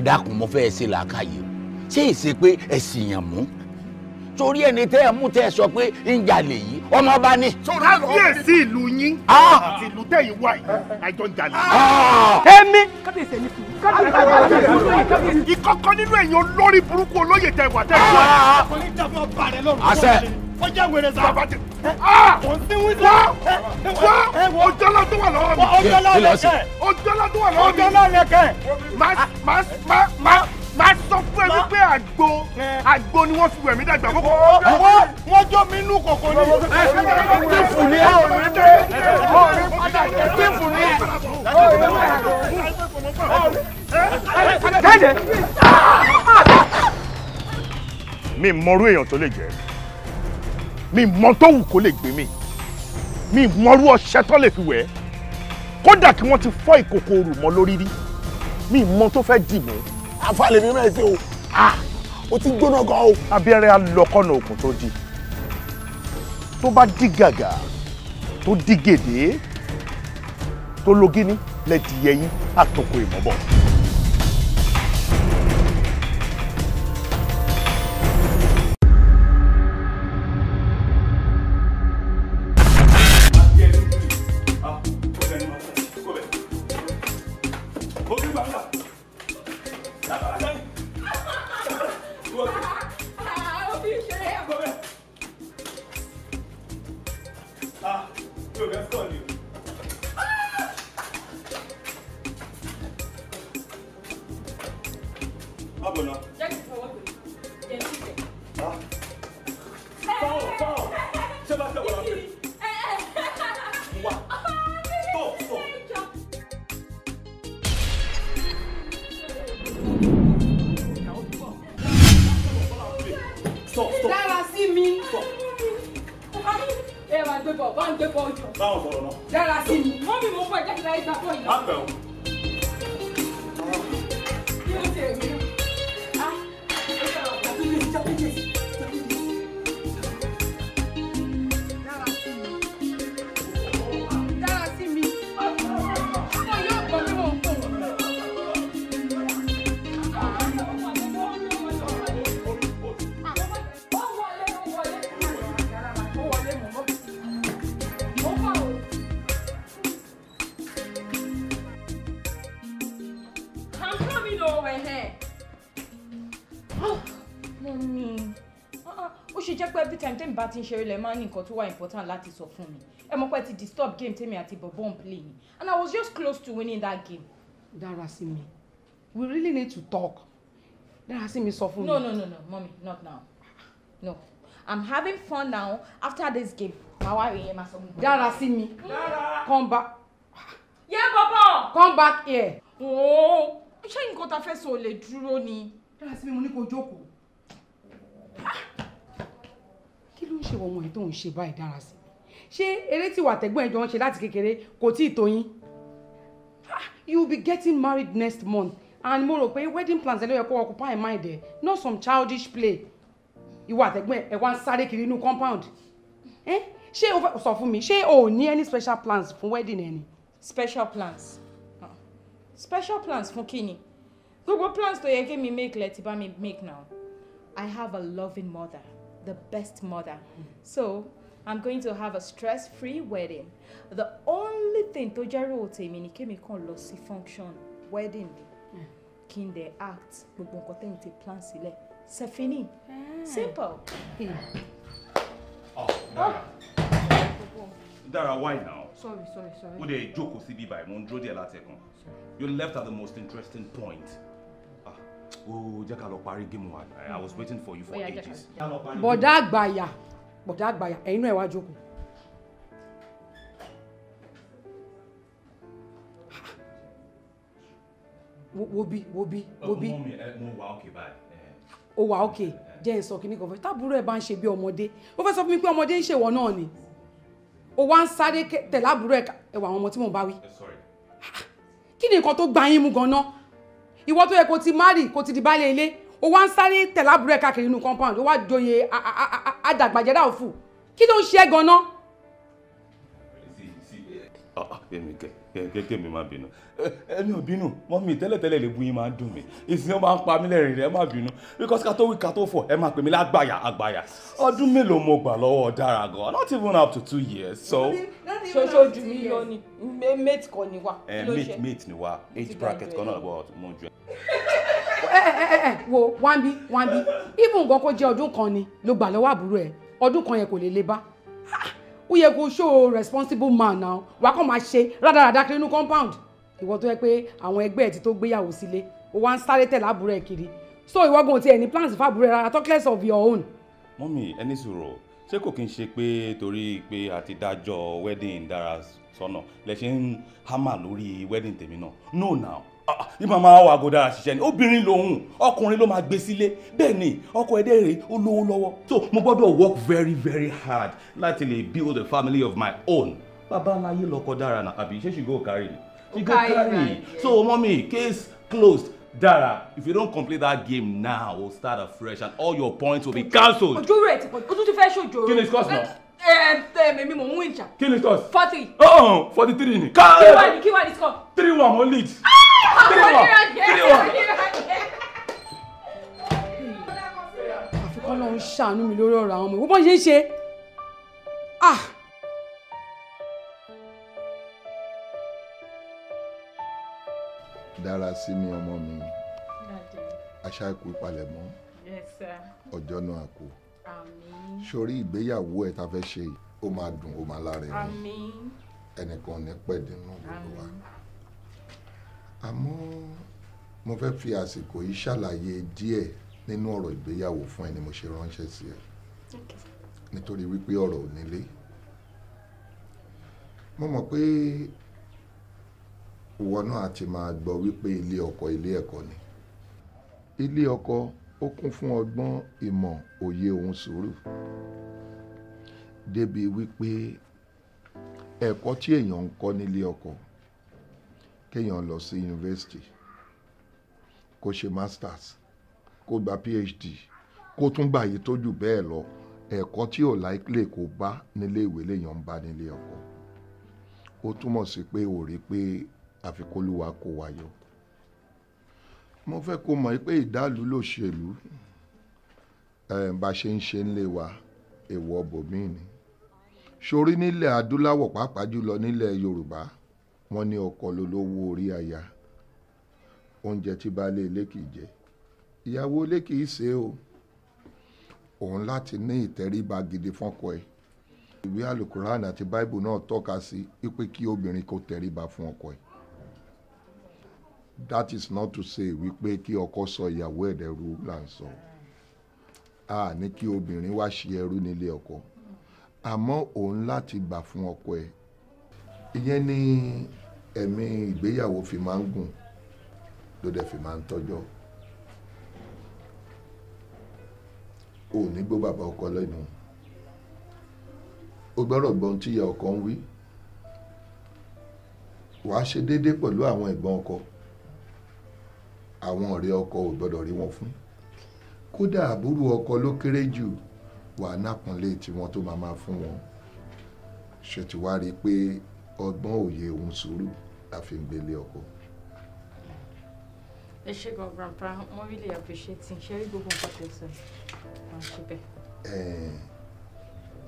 ẹ dákun mo fẹ́ ṣe làákàyè o ṣé èsè pé ẹ yàn mú torí ẹni tẹ́ ẹ mú tẹ́ ẹ sọ pé ń jalè yìí ọmọ ọba ni. sọ̀rọ̀ kíyèsí ìlú yín ah! àti ìlú tẹ̀yìn wá yìí àjọ ń jalè. Ah! èmi. ìkọ̀kọ̀ nínú ẹ̀yin olórí burúkú olóyè tẹ̀wà tẹ̀wà. Ah! àṣẹ ó jẹ́ wèrè bàbá tẹ kò sí wíṣọ. wá wá ojọ́lá tó wà lọ́wọ́ mi. ojọ́lá lẹ́kẹ̀. ojọ́lá tó wà lọ́wọ́ mi. ojọ́lá lẹ́kẹ̀. má má má má má sọ fún ẹ wípé àgbo àgbo ni wọ́n fi wẹ̀mí dàgbà kókó. wọ́n wọ́n jọ mí inú kòkó ni. tífù ni ẹ ọ̀rẹ́ dé ọ̀rẹ́ padà ni ẹ mi mọrú èèyàn tó lè jẹ́ mi mọ tó wù kó lè gbé mi mi mọrú ọṣẹ tó lè fi wẹ̀ ẹ́ kódà kí wọ́n ti fọ́ ìkòkò òrù mọ́ lórí rí mi mọ tó fẹ́ dì mọ́. àfàlẹ́ mi máa o o ti gbóná gan o. abẹ́rẹ́ alọ́kọ̀nà òkun tó di tó bá di gàgà tó di gèdè tó logíní lẹ́ẹ̀dì yẹyìn àtòkò ìmọ̀bọ̀. ti ń ṣeré lẹ máa ní nǹkan tó wà important láti sọ fún mi ẹ mọ̀ pé ti disturb game tèmi àti bọ̀bọ̀ ń play ni and i was just close to winning that game. Darasimi we really need to talk Darasimi sọ fún mi. no no no no mummy not now no i'm having fun now after this game màá wá rèé màá sọ gbogbo. Darasimi come back. yẹ bọ̀bọ̀. come back here. ooo oh, ṣé nǹkan ta fẹ́ sọ ò lè dúró ni. Darasimi mo ní kó jókòó. ló ń ṣe ọmọ ẹ̀ tó ń ṣe báyìí dára sí ṣé eré tí wà tẹ́gbọ́n ẹ̀ ń ṣe láti kékeré kò tí ì tó ah, you will be getting married next month and mo rò pé wedding plans ẹlẹ́yọ̀ kó occupy mind ẹ̀ not some childish play ìwà àtẹ̀gbọ́n ẹ̀ wá ń sáré kiri inú compound ṣé o fẹ́ sọ fún mi ṣé o ní any special plans fún wedding ẹ ni. special plans ah. special plans fún kíni gbogbo plans tó yẹ kí mi make let ti bá mi make now I have a loving mother the best mother. So I'm going to have a stress-free wedding. The only thing tó jẹ́ rò me, ni kémi kàn lọ sí function wedding mi kí n dẹ̀ act gbogbo nǹkan tẹ́yìn ti plan sílẹ̀ sefini ah. simple. Ah, Dara ah. why now? Sorry sorry sorry. Ó dẹ̀ jókòó síbí báyìí, mo ń dúró díẹ̀ láti ẹ̀kan. You left at the most interesting point. Oh, jẹ́ ká lọ parí géèmù wa i was waiting for you for ages. bọ̀dá àgbàyà bọ̀dá àgbàyà ẹ̀yin náà ẹ wá jókòó. wo bi wo bi wo bi. mo wà òkè báyìí. o wà òkè eh, eh. jẹ́ n sọ kínní kan fún mi tábúrò ẹ̀ bá ń ṣe bí ọmọdé ó fẹ́ sọ fún mi pé ọmọdé ń ṣèwọ náà ni o wá ń sáré tẹ̀lábúrò ẹ̀ ẹ̀wà àwọn ọmọ tí mò ń bá wí. Eh, kí ni nǹkan tó gba yín mú gan-an ìwọ tó yẹ kó ti márì kó ti di baálé ilé ó wá ń sáré tẹ̀lábùrẹ́ káàkiri inú compound ó wá joyè àdàgbàjẹ́dá òfù kí ló ń ṣe é gan-an. èmi ah, ah, kẹ kẹ́kẹ́ mi má bínú ẹni ò bínú wọ́n mi tẹ́lẹ̀tẹ́lẹ̀ lè bu yín máa ń dùn mí ìsìn máa ń pa mí lẹ́rìn rẹ̀ ẹ má bínú because ká tó wí ká tó fọ̀ ẹ máa pè mí lágbàyà àgbàyà ọdún mélòó mo gbà lọ́wọ́ dára gan not even up to two years so. ṣoṣo ju mi lọ ni mate kan ni wa. ẹ mate mate ni wa age bracket kan náà lọ́wọ́ mo jù ẹ. ẹ ẹ ẹ wo wambi wambi even nǹkan kó jẹ́ ọdún kan ni ló gbà lọ́wọ́ àbúrò ẹ ọdún kan yẹn kò lè le bá ó yẹ kó show responsible man náà wàá kàn máa ṣe rádaràda kiri inú compound ìwọ tó yẹ pé àwọn ẹgbẹ́ ẹ̀ ti tó gbéyàwó sílé ó wá ń sáré tẹ̀lé àbúrò ẹ̀ kiri so ìwọ gan ti ẹ̀ ní plans fún àbúrò ẹ̀ rárá talk less of your own. mọ́mí ẹni sọ̀rọ̀ ṣé kò kí n ṣe pé torí pé a ti dájọ́ wedding dára sọ́nà lẹ ṣe ń hámà lórí wedding tèmi náà no now Ah, ah, ní màmá wa àgọ́dá àṣìṣe ni obìnrin lòun ọkùnrin ló máa gbé sílé bẹ́ẹ̀ ni ọkọ ẹ̀dẹ́ rèé ó lówó lọ́wọ́ so mo gbọ́dọ̀ work very very hard láti lè build a family of my own bàbá aláyé lọkọ dára náà àbí ṣé she go carry me she go carry me so mommy case closed Dara if you don't complete that game now we'll start afresh and all your points will be cancelled. ojú rẹ̀ ti pọ̀ ojú ti fẹ́ ṣojo. kí ni scores náà èmi mò ń win jà. kí ni scores. forty. Oh, forty three ni. kí wàá ní kí wàá ní score. three one ó lead. Ah! kíni wọ kíni wọ. àfikún ọlọ́run ṣàánú mi lórí ọ̀rọ̀ àwọn ọmọ ìwọ́n bọ́n ṣe ń ṣe. ah dára sí mi ọmọ mi aṣáàkú ìpalẹ̀mọ́ ọjọ́ náà kú sórí ìgbéyàwó ẹ̀ tá a ṣe ó máa dùn ó máa lárinrin ẹnìkan ní pẹ̀dínú gbogbo wa àmọ́ mo fẹ́ fi àsìkò yìí ṣàlàyé díẹ̀ nínú ọ̀rọ̀ ìgbéyàwó fún ẹni mo ṣe ránṣẹ́ sí ẹ nítorí wípé ọ̀rọ̀ ò nílé mo mọ̀ pé ìwọ náà ti máa gbọ́ wípé ilé ọkọ ilé ẹ̀kọ́ ni ilé ọkọ ó kún fún ọgbọ́n ìmọ̀ òye òun sùúrù débi wípé ẹ̀kọ́ tí èèyàn ń kọ́ nílé ọkọ kéèyàn lọ sí yunifásitì kó ṣe masters kó gba phd kó tún gbà yìí tó jù bẹ́ẹ̀ lọ ẹ̀kọ́ tí ò láìpẹ́ kó bá nílé ìwé lèèyàn ń bá nílé ọkọ ó túmọ̀ sí pé ò rí pé àfikúnlùwà kò wáyọ mo fẹ́ kó mọ̀ pé ìdálù lòṣèlú eh, bá ṣe ń ṣe ńlé wa èèwọ̀ bòmíì ni sórí nílẹ̀ adúláwọ̀ pàápàá jùlọ nílẹ̀ yorùbá wọ́n ní ọkọ lolówó orí aya oúnjẹ tí baálé ilé kìí jẹ ìyàwó ilé kìí ṣe o òun láti ní ìtẹríba gidi fọ́kọ ẹ̀ ìwé alukuran àti báìbù náà tọ́ka sí wípé kí obìnrin kò tẹríba fún ọkọ ẹ̀ that is not to say wípé kí ọkọ sọ ìyàwó ẹ̀ dẹrú là ń sọ a ní kí obìnrin wá ṣe ẹrú nílé ọkọ àmọ́ òun láti gbà fún ọkọ ẹ̀ ìyẹn ni ẹ̀mí ìgbéyàwó fi máa ń gùn ló dẹ̀ fi máa ń tọ́jọ́ ò ní gbọ́ bàbá ọkọ lẹ́nu o gbọ́dọ̀ gbọ́n tí ìyá ọkọ ń wí wàá ṣe déédéé pẹ̀lú àwọn ẹ̀gbọ́n ọkọ àwọn ọ̀rẹ́ ọkọ ò gbọ́dọ̀ rí wọn fún kódà àbúrò ọkọ ló kéré jù wàá nápọ̀nlé tiwọn tó máa máa fún wọn ṣe pé ọgbọ́n òye òun sùúrù la fi ń gbélé ọkọ. ẹ ṣe gan grandpa mo really appreciate it ṣe rí gbogbo nǹkan tó sọ wọn ṣe bẹ́ẹ̀.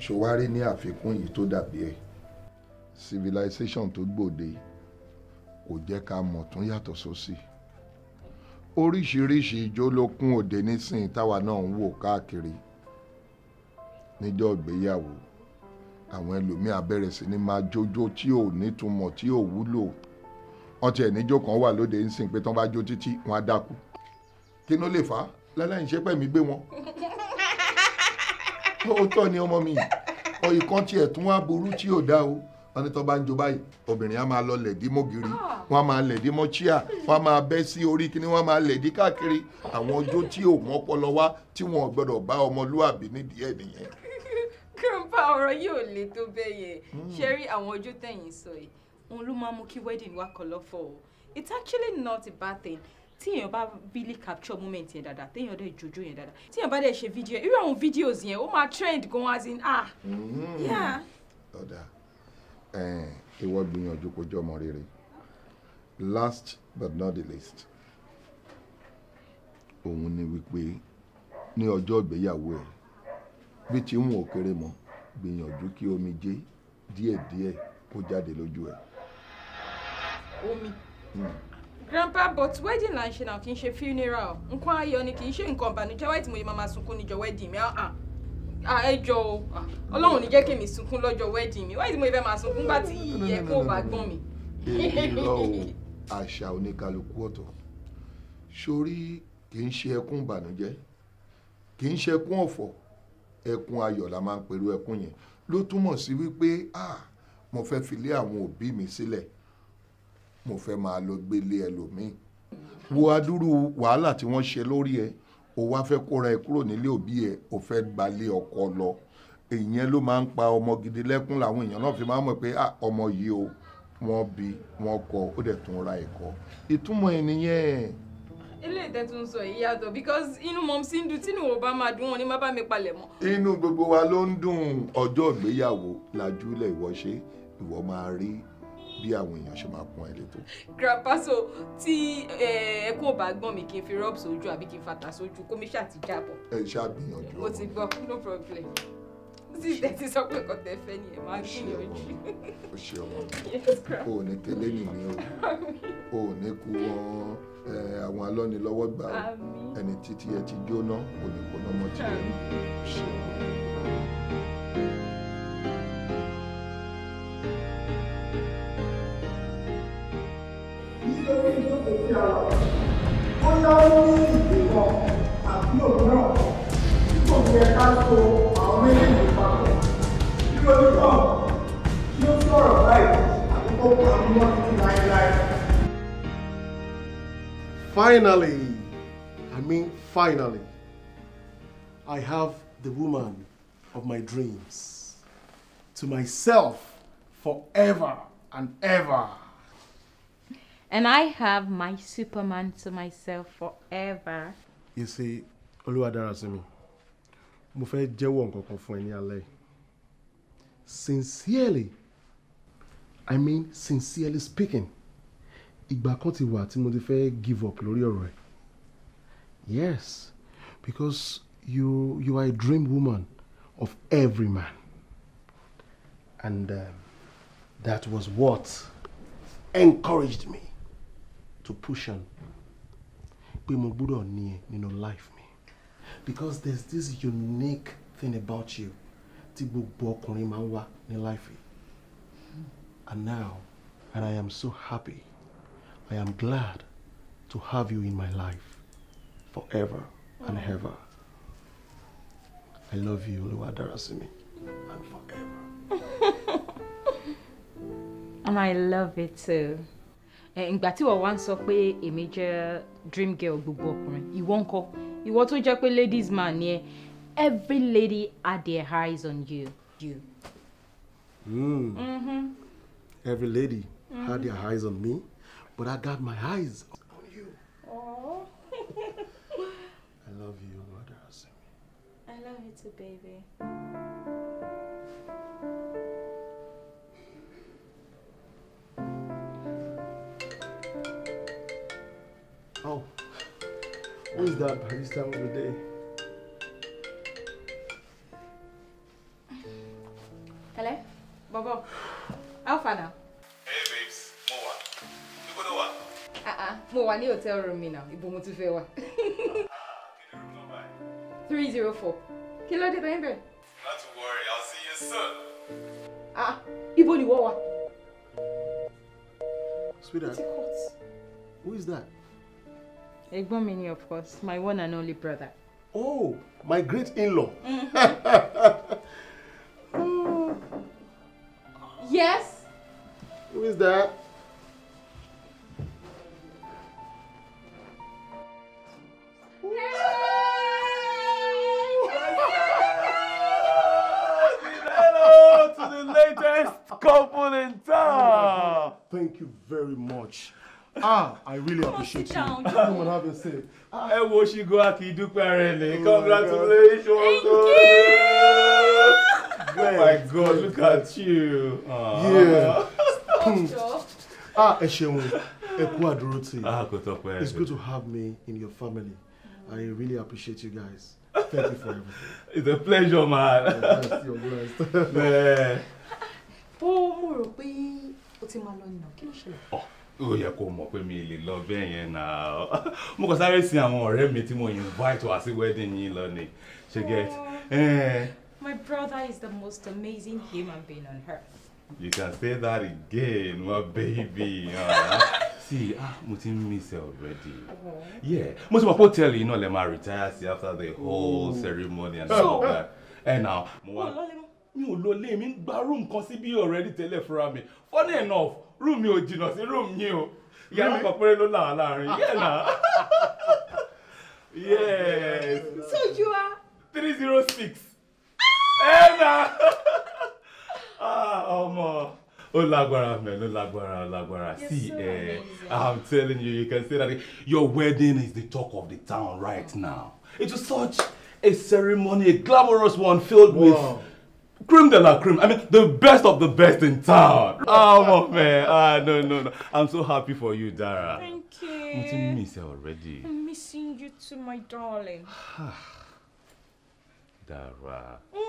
ṣòwárí ní àfikún yìí tó dàbí ẹ civilization tó gbòde kò jẹ́ ká mọ̀ tún yàtọ̀ sósì oríṣiríṣi ijó ló kún òde nísìnyí táwa náà ń wò káàkiri níjọ́ ìgbéyàwó àwọn ẹlòmíà bẹ̀rẹ̀ sí ni máa jójó tí ò nítumọ̀ tí ò wúlò wọn tiẹ̀ níjó kan wà lóde ńsìn pé tán bá jó títí wọn á dákú kí ló lè fà á láláì pẹ̀mí gbé wọn. ó ni ọmọ mi ọyì kan tiẹ̀ tún wá burú tí ò dá o wọn ní tán bá ń jó báyìí obìnrin á máa lọ lẹ̀dí mọ́gìrì ah. wọn á máa lẹ̀dí mọ́ chíà wọn á máa bẹ́ sí orí kíní wọn á máa lẹ̀dí káàkiri àwọn ọjọ́ tí ò mọ́pọlọ wá tí wọn ò gbọ́dọ̀ bá ọmọlúwàbí nídìí ẹ̀ nìyẹn. ọ̀rọ̀ yìí ò le tó bẹ́ẹ̀ yẹn hmm. ṣe rí àwọn ojú tẹ̀yìn sọ yìí òun ló máa mú kí wedding wa colorful o it's actually not a bad thing tí èèyàn bá really capture moment yẹn dáadáa téèyàn dẹ̀ jojo yẹn dáadáa tí èèyàn bá dẹ̀ ṣe video irú àwọn videos yẹn ó máa trend gan as in ah hmm. yeah. ọ̀dà ìwọ gbìyànjú kó jọ ọmọ rere last but not the least òun ni wípé ní ọjọ́ ìgbéyàwó ẹ̀ bí tí ń wọ̀ kéré mọ́ gbìyànjú kí omijé díẹ̀díẹ̀ kó jáde lójú ẹ̀. omi hmm. grandpa but wedding la ń ṣe náà kì í ṣe funeral nǹkan ayọ̀ ni kì í ṣe nǹkan ìbànújẹ́ wáyé tí mo yẹ máa sunkún níjọ́ wedding mi ah, ah. ah, ẹjọ́ o ọlọ́run ní jẹ́ kí mi sunkún lọ́jọ́ wedding mi wáyé tí mo yẹ fẹ́ máa sunkún gbà tí ìyẹ́ kó bá gbọ́n mi. irọ́ o àṣà oníkálukú ọ̀tọ̀ sórí kì í ṣe ẹkún ìbànújẹ́ kì í ṣe ẹkún ọ̀fọ̀ ẹkún ayọ̀ la máa ń pẹ̀lú ẹkún yẹn ló túmọ̀ sí wípé ah mo fẹ́ filé àwọn òbí mi sílẹ̀ mo fẹ́ máa lọ gbélé ẹlòmíì wo adúrú wàhálà tí wọ́n ṣe lórí ẹ o wá fẹ́ kóra ẹ kúrò nílé òbí ẹ o fẹ́ gbalé ọkọ lọ ìyẹn ló máa ń pa ọmọ gidi lẹ́kún làwọn èèyàn náà fi máa ń mọ̀ pé ah ọmọ yìí o wọ́n bí wọ́n kọ́ ó dẹ̀ tún ra ẹ̀kọ́ ìtumọ̀ ẹ̀ nìyẹn ilé ìtẹ́tún sọ yìí yàtọ̀ because inú mọ̀mísí ń dùn tínú ò bá máa dùn wọn ní má bá mi palẹ̀ mọ́. inú gbogbo wa ló ń dùn ọjọ́ ìgbéyàwó lajúlẹ̀ ìwọ ṣe ìwọ máa rí bí àwọn èèyàn ṣe máa pọn ẹlẹ́tọ̀. grapaso tí ẹkún ò bá gbọ́n mi kí n fi rọ́ọ̀bù sójú àbí kí n fàtà sójú kó mi ṣáà ti jábọ̀. ẹ ṣáà gbìyànjú ọmọ. o ti gbọ́ no problem sílẹ̀ ti sọ pé kò tẹ́ fẹ́ ni ẹ máa gbìyànjú. o ṣe ọmọ o ní tẹ́lẹ̀ nìyẹn o ò ní kú wọn àwọn alọ́nilọ́wọ́gbà ẹni títí ẹ ti jóná kò ní kó lọ́mọ tí ẹ ń ṣe. nítorí ìjókòó tí a lọ ó yáwó ní ìgbìmọ̀ àbí òmíràn tí kò ní ẹ so àwọn méjèèjì papọ̀ nítorí náà kí ó sọ̀rọ̀ báyìí àti kó pa láéláé. Finally, I mean finally, I have the woman of my dreams to myself forever and ever. And I have my Superman to myself forever. You see, Olúwadarasimi, mo fẹ́ jẹ́wọ́ ní alẹ́. Sincerely, I mean sincerely speaking. ìgbà kan ti wà tí mo ti fẹ́ give up lórí ọ̀rọ̀ ẹ̀ yes because you you are a dream woman of every man and um, that was what encouraged me to push on pé mo gbọ́dọ̀ ní ẹ nínú life mi because there's this unique thing about you tí gbogbo ọkùnrin máa ń wá ní life yìí and now and I am so happy I am glad to have you in my life forever and mm. ever. I love you, Oluwadarasimi, and forever. and I love it too. Ìgbà tí wọ́n wá ń sọ pé èmi dream girl gbogbo ọkùnrin, ìwọ ń kọ́, to tó jẹ́ ladies man ni every lady had their eyes on you. you. Mm. mm Every lady mm-hmm. had their eyes on me. But I got my eyes on you. Oh. I love you, Mother Asimi. I love you too, baby. Oh, who is that by this time of the day? Hello? Bobo, how far now? mo wà ní hotel room mi náà ibo mo tún fẹ́ wà. three zero four kí ló dé tó ń not worry i'll see you soon. ah ibo ni wọ́n wà. sweetheart who is that. ẹ̀gbọ́n mi ni of course my one and only brother. oh my great in-law. Mm -hmm. oh. yes. who is that. couple in town. Thank you very much. Ah, I really appreciate you. Down. Come on, have a seat. Ah. Ẹ wo ṣìgò àkìdúpẹ́ rẹ̀ ní. Oh Congratulations. Thank you. Oh my God, look at you. Yeah. Hmm. ah, ẹ ṣeun, ẹ kú àdúrótì. Ah, kò tọ́pẹ́. It's good to have me in your family. I really appreciate you guys. Thank you for everything. It's a pleasure, man. You're blessed. You're blessed ó mú rò pé o ti máa lọ nìyàn kí ló ṣẹlẹ̀. ó yẹ kó mọ̀ pé mi lè lọ bẹ́ẹ̀ yẹn náà mo kàn sáré sin àwọn ọ̀rẹ́ mi tí mo invite wá sí wedding yín lọ ni ṣe get. My brother is the most amazing human being on earth. You can say that again, my baby. Ah, see, ah, mo ti miss her already. uh Yeah, mo ti mọ̀ pé hotel yìí náà lè retire sí after the whole Ooh. ceremony and so, all of that. Ẹ na, mo wá mi ò lo ilé mi ń gba room kan síbí already tẹ́lẹ̀ fúnra mi funny enough room mi ò jìnnà sí room yín o ìyá mi ló là láàrin yẹ́n náà yes so you are three zero six ẹ̀ eh, ah, ọmọ ó lágbára mẹ ló lágbára lágbára sí ẹ eh, i'm telling you you can say that your wedding is the talk of the town right now it was such a ceremony a glamorous one filled wow. with Cream de la cream. I mean, the best of the best in town. Oh, my man. Ah, no, no, no. I'm so happy for you, Dara. Thank you. I'm miss you already. I'm missing you too, my darling. Dara. Mm.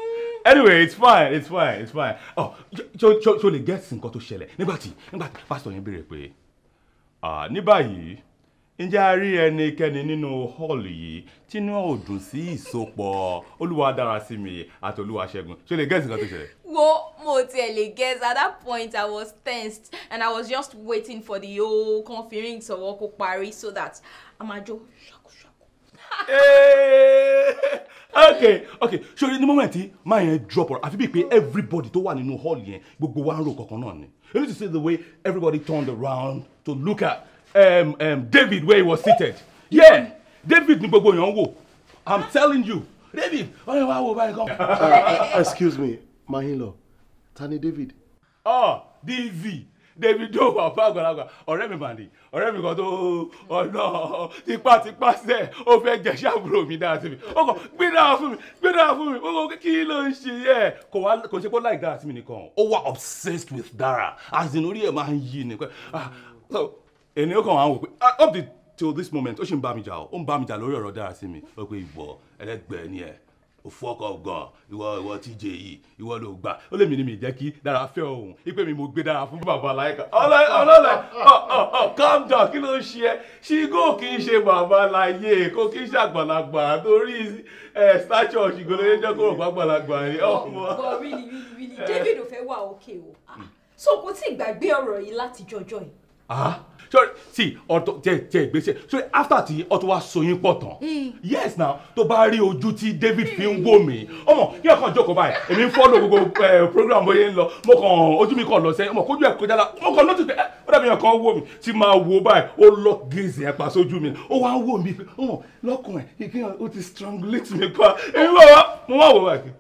Anyway, it's fine, it's fine, it's fine. Oh, so so so lè gẹ́sì nǹkan tó ṣẹlẹ̀ Nibati. Nibati. nígbà tí pásítọ̀ yẹn Ah, pé ǹjẹ́ a rí ẹnikẹ́ni nínú hall yìí tínú ò dùn sí ìsopọ̀ Olúwadarasími àti Olúwaṣẹ́gun ṣé o lè gẹ́sì kan tó ṣẹlẹ̀. wo mo tiẹ̀ lè guess at that point i was tensed and i was just waiting for the whole conferring sọ̀rọ̀ kó parí so that amajo ṣakuṣaku. ok ok ṣòro ní mọ́mọ́ ẹ̀ tí máa yẹn drop ọ̀rọ̀ àfi bíi pé everybody tó wà nínú hall yẹn gbogbo wa ń rò kankan náà ni you need to see the way everybody turned around to look at um, um, David where he was seated yeah David ni gbogbo èèyàn wò I'm telling you David ọ̀rẹ́ wa wo báyìí kan. Uh, excuse me my in-law ta ni David. ọ oh, DV David yóò wà fún àgbàlagbà ọ̀rẹ́ mi màlì ọ̀rẹ́ mi kan tó ọ̀nà oh, tipátipá sẹ̀ ó fẹ́ jẹ̀ṣẹ́ àbúrò mi dára sí mi ó kàn gbé dára fún mi gbé dára fún mi ó kàn kí ló ń ṣe yẹ kò wá kò ṣe pé ó láì dára sí mi nìkan ó wà obsessed with Dara as in orí ẹ̀ máa ń yí nìkan ènìyàn kan wà ń ah, up till this moment ó sì ń bá mi jà ó ń bá mi jà lórí ọ̀rọ̀ dára sí mi ó pé ìwọ ẹlẹgbẹ́ ni ẹ ò fún ọkọ gan ìwọ ìwọ tíjẹ yìí ìwọ ló gbà ó lè mí ni mi jẹ́ kí dára fẹ́ òun ipe mi mo gbé dára fún bàbá aláìka ọlọ́lẹ̀ calm down kí ló ń ṣe ẹ́ ṣígò kì í ṣe bàbá aláyé kò kì í ṣe àgbàlagbà torí ẹ stature ṣìgò lóye jẹ́ kó rò pa ni ọmọ. bọ̀ really really David ò fẹ́ wà òkè o ah, so kò tí ì gbàgbé ọ̀rọ̀ yìí láti jọjọ́ yìí. Ah, sí ọ̀tọ̀ jẹ jẹ ìgbésẹ̀ so after ti ọ̀tọ̀ wa soyin pọ̀ tán mm. yes now tó bá rí ojú tí David fi ń mm. wò mí ọmọ kí ẹ kàn jókòó báyìí èmi ń fọ́lọ̀ gbogbo eh, program bóyá ń lọ mo kàn ojú mi kàn lọ sẹ́yìn ọmọ kójú ẹ̀ kọjá la mo kàn lọ́tù pé eh, ó dàbí yẹn kan wò mí tí máa wò báyìí ó lọ gèzè ẹ̀ pa sójú mi ó wá wò mí ọmọ lọ́kùnrin ìkíyàn ó ti strangulate mi pa èmi wà wá mo wá wò báyìí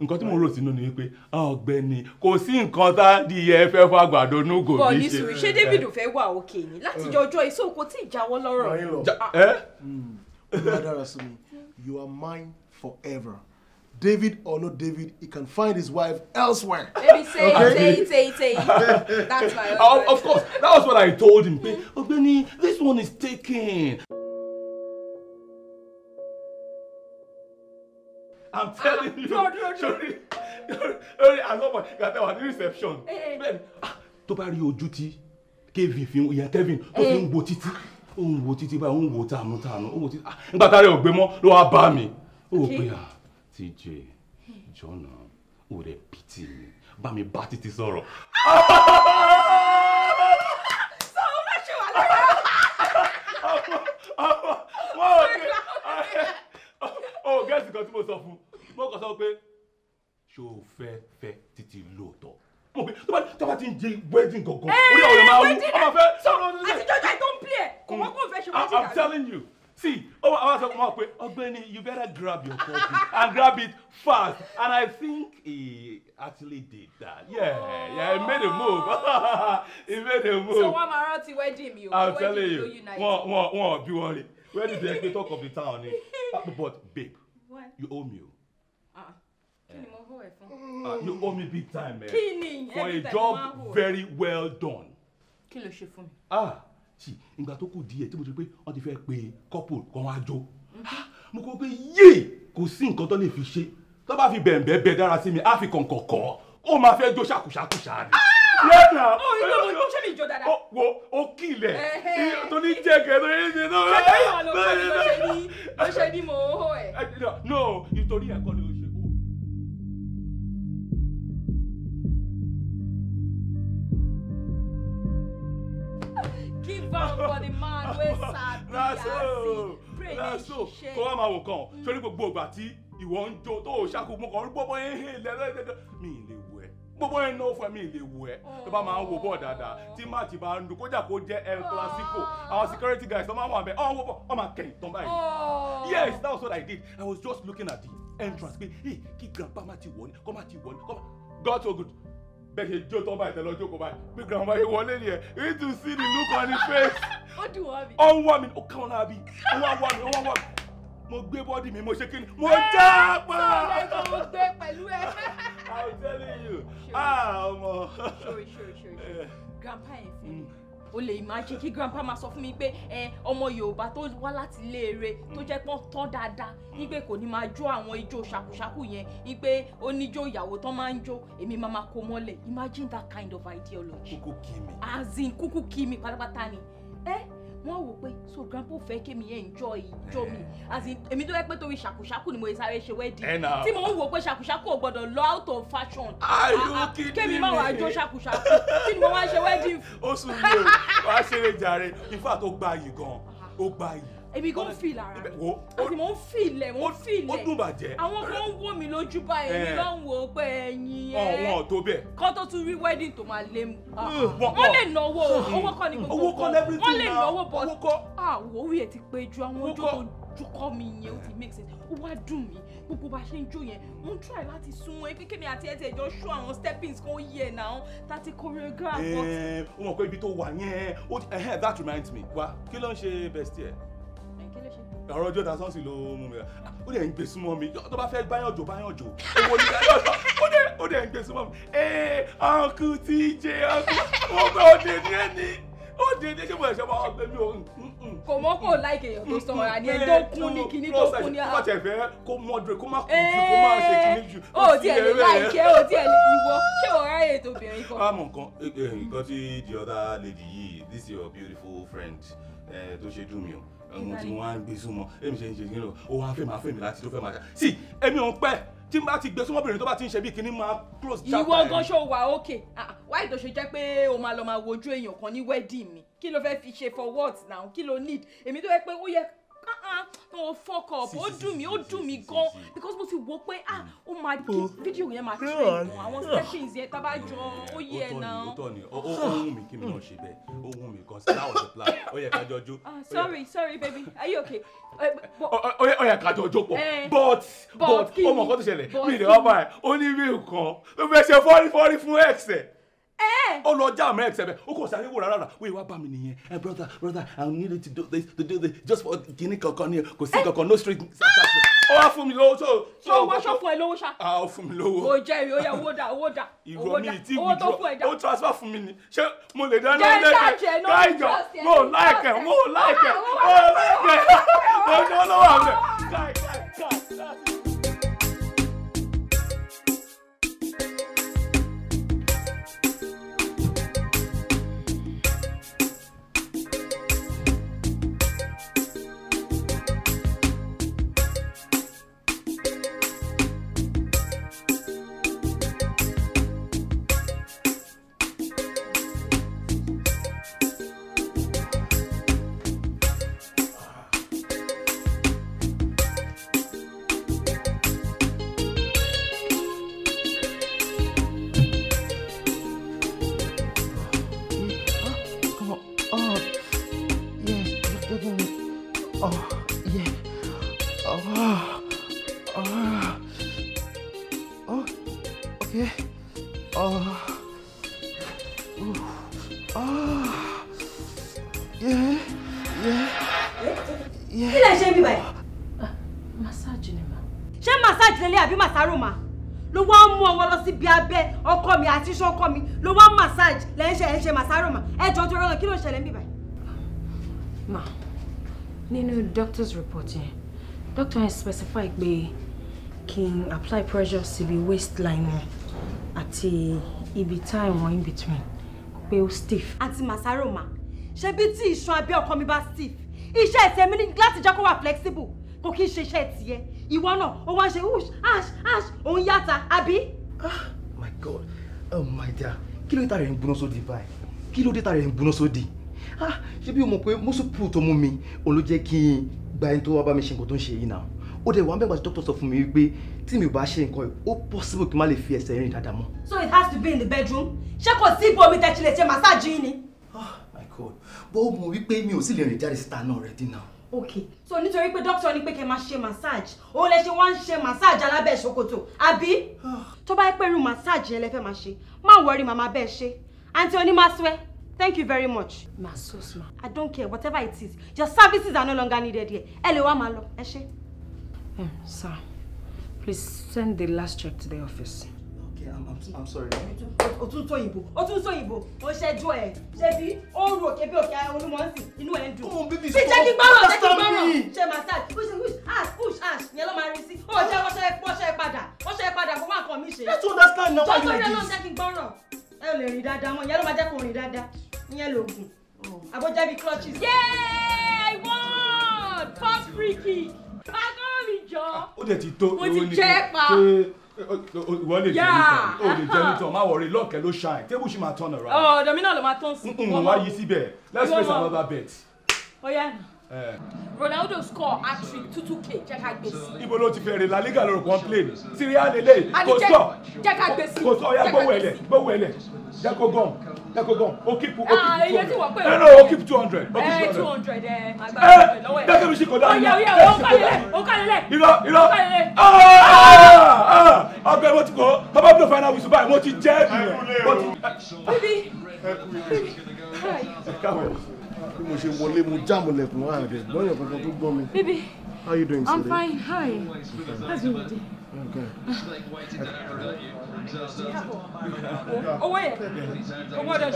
nǹkan tí mo rò sínú ni wípé ọ̀gbẹ́ni kò sí nǹkan tá a di ẹ fẹ́ fún àgbàdo nùgò bí ṣe. bọ́ọ̀lì sùn ṣé david fẹ́ wà òkè ni látijọ́ mm. ọjọ́ èso kò tí ì jáwọ́ lọ́rọ̀. Ah, ẹ. olùwàdàràsùnmi mm. you are mine forever. David or not David, he can find his wife elsewhere. Maybe say okay. say say say That's my. Of, of course, that was what I told him. Ọ̀gbẹ́ni, mm this one is taken. I'm telling ah, you. True, true, true. Sorry, at some point, ìgbà reception. Eh, eh. Bẹ́ẹ̀ni, ah, to bá rí ojú Kevin you ìyá Kevin tó fi ń eh. wo títí, ó ń wo títí báyìí, ó ń wo tààmú tààmú, ó ń wo títí. Ah, nígbà tá a rẹ̀ ò gbé mọ́ ló wá bá mi. Ó wò pé à TJ Jọ́nà ò nǹkan tí mo sọ fún mo kàn sọ pé ṣé o fẹ́ fẹ́ títí lóòótọ́ mo pe tó bá ti ń jẹ wedding gangan eh, orí ọ̀rẹ́ máa wú ọmọ eh, fẹ́ sọ̀rọ̀ ọ̀rẹ́ àti jọjọ àìtó ń play kò mọ́ kó fẹ́ ṣe wedding I'm telling you see ọmọ àwọn sọ ọmọ pé ọ̀gbẹ́ni you better grab your coffee and grab it fast and I think he actually did that yeah yeah he made a move he made a move. so wọn máa rántí wedding mi o wedding mi ló unite. wọn wọn wọn bí wọn rí wedding dey talk of the town ni but babe you owe me o. Ah, kí ni mo ah, you owe me big time. Eh, kí for a job very well done. Kill your ṣe ah see, in that kù díẹ̀ tí mo ti on the ti fẹ́ couple kan wá jó mhm. ah, mo kọ́ pé yé kò sí nǹkan tó lè fi ṣe tó bá fi bẹ̀m̀bẹ̀ bẹ̀ dára sí mi á fi kọ̀ǹkọ̀ kọ́ ó máa fẹ́ jó ṣàkúṣàkúṣà ni. Ah! yes na. o ìlú ọmọ ìlú ṣẹlẹ ìjọ dada. wo o kì tó ní jẹgẹ tó yé ṣe náà. ṣé ìwà ló kọ́ ló ṣe ní ló ṣe ní mò ń hó ẹ̀. no nítorí ẹ̀kọ́ ni o ṣe. Oh. Give up for the man wey sabi asi. Pray dey ṣiṣẹ́. Kó wá máa wò kàn, mm. sórí gbogbo ìgbà tí ìwọ ń jó tó ṣàkóso mọ́kàn, orí gbogbo ẹ̀ ń hẹ̀ eh, eh, mi ì lè wò gbogbo ẹ̀ náà fún mi lè wò ẹ́ tó bá máa ń wò bọ̀ dáadáa tí máàtì bá ń dùn kódà kó jẹ́ El Clasico Our ah. security guys tó máa ń wà bẹ́ẹ̀ ọ̀hún oh, wò bọ̀ ọ̀hún máa kẹ̀yìn tán báyìí oh. yes that was what I did I was just looking at the entrance pé hey kí grandpa má ti wọ̀ ni kọ́ má ti wọ̀ ni kọ́ God so good bẹ́ẹ̀ ṣe jó tán báyìí tẹ́lọ́jọ́ kó báyìí pé grandpa, yẹn wọlé ni ẹ̀ you need to see the look on his face. ó dùn wá mi. ó ń wá mi ó kàn án lábí ó wá wá mi ó wá wá mi mo gbé bọ́dì mi mo ṣe kí ni mo já pa. ṣọlẹ tó gbé pẹ̀lú ẹ. i'm telling you ah ọmọ. ṣòṣò eh. grandpa yẹn fún mm. o lè imagine kí grandpa máa sọ fún mi pé ẹ ọmọ yorùbá tó wá láti iléere tó mm. jẹ́ pọ́n tọ́ dáadáa wípé mm. kò ní máa jó àwọn ijó ṣàkúṣàkú yẹn wípé oníjó ìyàwó tán máa ń jó èmi máa máa kó mọ́lẹ̀ imagine that kind of ideology. kúkú kí mi. as in kúkú kí mi pátápátá ni. Eh? wọ́n wò pé so grandpa fẹ́ kémi enjoy eh. ijó mi as in èmi tó yẹ pé torí ṣàkúṣàkú ni mo sáré ṣe wedding eh, tí mo ń wò pé ṣàkúṣàkú ò gbọ́dọ̀ lọ out of fashion ah, ah, kémi má wàá jó ṣàkúṣàkú tí mo wá ṣe wedding. ó sùn mí o wàá ṣeré jàre ìfà tó gba yìí gan ó gba yìí èmi kò ń feel àti mò ń feel ẹ̀ mò ń feel ẹ̀ ó dùn bàjẹ́ àwọn kan ń wò lójú báyìí èmi ló ń wò ó pé ẹ̀yin ẹ̀ ọ̀wọ́n tó bẹ́ẹ̀ kọ́ tó tún rí wedding tó máa lé mu ah, wọ́n lè náwó owó kọ́ ni gbogbo nǹkan wọ́n lè náwó bọ́ àwọn ah, orí ẹ̀ ti pé ju àwọn ojú tó ojú mi yẹn ó ti make sense ó wá dùn mí gbogbo bá ṣe ń jó yẹn mo ń try láti sunwọ̀n ẹ kékeré àti ẹ̀tẹ̀ ìjọ ṣó àwọn steppings kan ó yẹ náà láti choreograph. ẹ ẹ wọn kọ ibi tó wà yẹn eh, eh, that reminds me wa kí ló ń ṣe bestie ẹ ọ̀rọ̀ ọjọ́ ta sọ́ọ̀sì ló mú mi rà ah, ó dẹ̀ ń gbé súnmọ́ mi tó bá fẹ́ báyàn jò owó ní báyàn ó dẹ̀ ó dẹ̀ ń gbé súnmọ́ mi ee ọ̀nkù tí jẹ ọ̀nkù mo gbọ́ òde ní ẹni òde ní ṣé mo ṣe máa gbé mi mm, mm, mm. ò kò mọ́ kò láìkè èèyàn tó sọ̀rọ̀ àní ẹni tó kún ní eh, kíní tó kún ní. Ah. kó tẹ̀ kó mọ dùn kó má kú jù kó eh, má ṣe kíní jù. o ti ẹ̀ lè láìkẹ́ o ti ẹ̀ lè wíwọ́ ṣé wọ́n ráyè ètò obìnrin kan. báwo nǹkan eh, nǹkan tí the other lady yìí this your beautiful friend tó ṣe dùn mí o àwọn tí wọ́n á gbé súnmọ́ èmi ṣe ń ṣe kíni o ó wá fèmí àfèmí láti tó fẹ́ máa jà sí èmi ò ń pẹ́ tí n bá ti gbé súnmọ́bìnrin tó bá ti ń ṣe bí kíní máa close chapter ẹ̀. ìwọ gan ṣó wà ókè ah, ah, wáyé tó ṣe jẹ́ pé o máa lọ máa wojú èèyàn kan ní wedding mi kí ló fẹ́ fi ṣe for what now kí ló need èmi tó yẹ pé ó yẹ wọn uh-uh. fuck up ó dùn mí ó dùn mí gan because mo ti wò pé ah mm. ó máa kí fídíò oh, yẹn máa tẹ̀ gan àwọn sessions yẹn tá a bá jọ ó yẹ ẹ̀ náà. ó tọ́ ni ó wù mí kí mi náà ṣe bẹ́ẹ̀ ó wù mí kan sí láwọn ṣe plan ó yẹ ká jọ ah, sorry sorry baby are you okay. Eh, ó yẹ ká jọ jó pọ̀ eh, but but ó mọ̀ kó tó ṣẹlẹ̀ mi ìdè wá báyìí ó ní mi nǹkan ló fẹ́ ṣe fọ́rífọ́rí fún ẹ̀sẹ̀. Eh! ó lọ já àmọ́ ẹ̀sẹ̀ bẹ́ẹ̀ ó kò sáré wò rárá wíì wá bá mi nìyẹn ẹ eh, brother brother i need you to do this to do this just for kìíní kankan ni kò sí eh! kankan no straight satisfaction ó wá fún mi lówó tó. ṣé o wá ṣọ́fún ẹ lówó ṣá. a ó fún mi lówó. o jẹ́ ìròyìn owó dà owó dà owó dà owó tó fún ẹ dà. o transfer fún mi ni ṣé mo lè dáná lẹ́kẹ̀ẹ́ láìjọ mo láìkẹ̀ mo láìkẹ̀ mo láìkẹ̀ mo ní olówó àmì. doctor's report yẹn eh? doctor has specified pé can apply pressure to the waistline rẹ àti ibi tá ìwọ̀n in between pé stiff. àti masaroma. She ṣe bí tí be abẹ́ ọkọ mi stiff iṣẹ́ ẹ̀sẹ̀ mi ní láti jẹ́ kó flexible kò she n ṣe iṣẹ́ tiẹ̀ ìwọ náà ó wá ṣe ash ash on yata àbí. ah my god oh my dear Kilo ló dé tààrẹ ń gbóná Kilo báyìí kí ló dé tààrẹ ah she be o mọ̀ pé mọ́sùpù tó mú mi òun gba ẹni tó wá bá mi ṣe nǹkan tó ń ṣe yìí náà ó dẹ̀ wá mẹ́gbàá tí dókítà sọ fún mi wípé tí mi ò bá ṣe nǹkan ó possible kí n má lè fi ẹsẹ̀ rìn dáadáa mọ́. so it has to be in the bedroom ṣé kò sí ibo mi tẹ̀sí lè ṣe màsáàjì yín ni. ah my god bó o mọ̀ wípé mi ò sì lè rìn jáde síta náà rẹ̀ dín náà. ok so nítorí pé dókítà ní pé kẹ́ máa ṣe massage òun lè ṣe wá ń ṣe massage alábẹ́ ṣòkòtò àbí. Ah. tó bá yẹ pé irú massage yẹn lẹ fẹ́ máa ṣe má wọrí màmá bẹ́ẹ̀ ṣe àǹtí onímọ̀ Thank you very much. Ma ma. I don't care whatever it is. Your services are no longer needed here. Ẹ lè wá máa hmm, sir, please send the last check to the office. Okay, I'm, I'm, I'm sorry. Ó tún sọ Ìgbò. Ó tún sọ Ìgbò. Ó ṣẹ́jú ẹ̀. Ṣé bí ó rò òkè bí òkè olúmọ̀ ń sìn inú ẹ̀ ń dùn? Come on baby, stop. Ṣé jẹ́ Push push ash push ash yẹn ló máa rí sí. Ó jẹ́ ọṣẹ ọṣẹ Go Ọṣẹ padà kó wá nǹkan Let's understand now why you like this. Ṣé tó ń jẹ́ náà jẹ́ kí gbọ́rọ̀? Ẹ ò lè rìn dáadáa mọ́. Ìyá ló máa jẹ́ kó rìn dáadáa ìyẹn lògùn mm. àbójá bíi clutches. yay one first free kick agbọ́n mi jọ ah, ó dẹ̀ ti tó mo ti jẹ́ pa ìwọ lè jẹ nítan o lè jẹ nítan má wọrí lọ́ọ̀kẹ́ ló ṣàn tébù ṣì máa tọ̀nà rà. ọ̀dọ̀ mi náà ló máa tán sí. wá yí síbẹ̀ let's face another bet. ó yá nù. Ronaldo score hat-trick two two k jẹ́ ká ibo ló ti fẹ̀rẹ̀ la liga lórí kan plane Syria lele kò sọ jẹ́ ká gbé sí kò sọ ọ̀ya gbówó ẹ̀lẹ̀ gbówó ẹ̀lẹ̀ jẹ́ kó gàn jẹ́ kó gàn ó kíp ó ah, two hundred ẹ náà ó kíp two hundred ó eh, kíp two hundred eh, eh, ẹ dẹ́kẹ́ mi sì kò dáa ní ẹ sì kò dáa ní irọ́ irọ́ ah, ah, ọgbẹ́ mo ti kọ́ bàbá mi ò fẹ́ náà wíṣọ báyìí mo ti jẹ́ ẹ̀ ẹ̀ kúlẹ̀ o bíbí bí mo baby how you doing i'm fine hi how's your day. Owó yẹ, owó ọdọ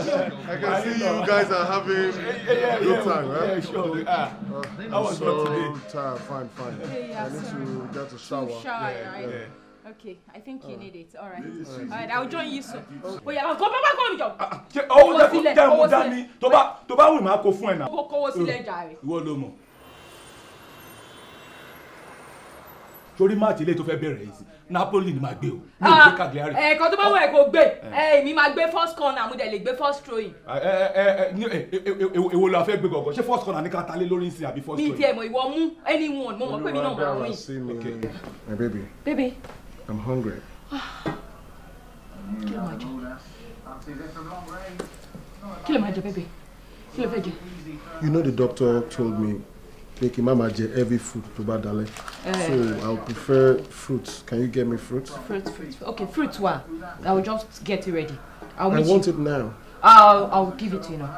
can see you guys are having a good time, right? Yeah, sure. uh, ah, I was so tired, fine, fine. yeah, I need to get a shower. Shower, yeah, yeah. Okay, I think you need it. All right. All right, I'll join you soon. Ó oh, yá, go baba go mi jo. Ah, ah, ṣé owó tẹ tẹ mo dání tó bá tó bá wù mí á kó fún ẹ náà. Kó kówó sílẹ̀ oh, jàre. Ìwọ ló mọ̀. torí máàtì ilé tó fẹ́ bẹ̀rẹ̀ yìí sí Napoli ni màá gbé o mi ò ah, gbé Cagliari. ẹ eh, ẹ̀kan tó bá wọ ẹ̀ kò gbé ẹ eh. eh, èmi máa gbé first corner mo dẹ̀ lè gbé first throwing. ẹ ẹ ẹ èwo la fẹ́ gbé gọ̀gọ̀ ṣé first corner ní ká talé lórí ìsìn àbí first throwing. mi ti ẹ̀ mọ̀ ìwọ mú anyone mo mọ̀ pé mi náà máa win. my baby. baby. I'm hungry. Kill my máa jẹ? Kí ló máa You know the doctor told me make kí n má máa jẹ heavy food tó bá dalẹ̀. Eh. So I'll prefer fruits. Can you get me fruits? Fruits, fruits. Okay, fruits wa. I will just get it ready. I'll meet I want you. it now. I'll, I'll give it to you now.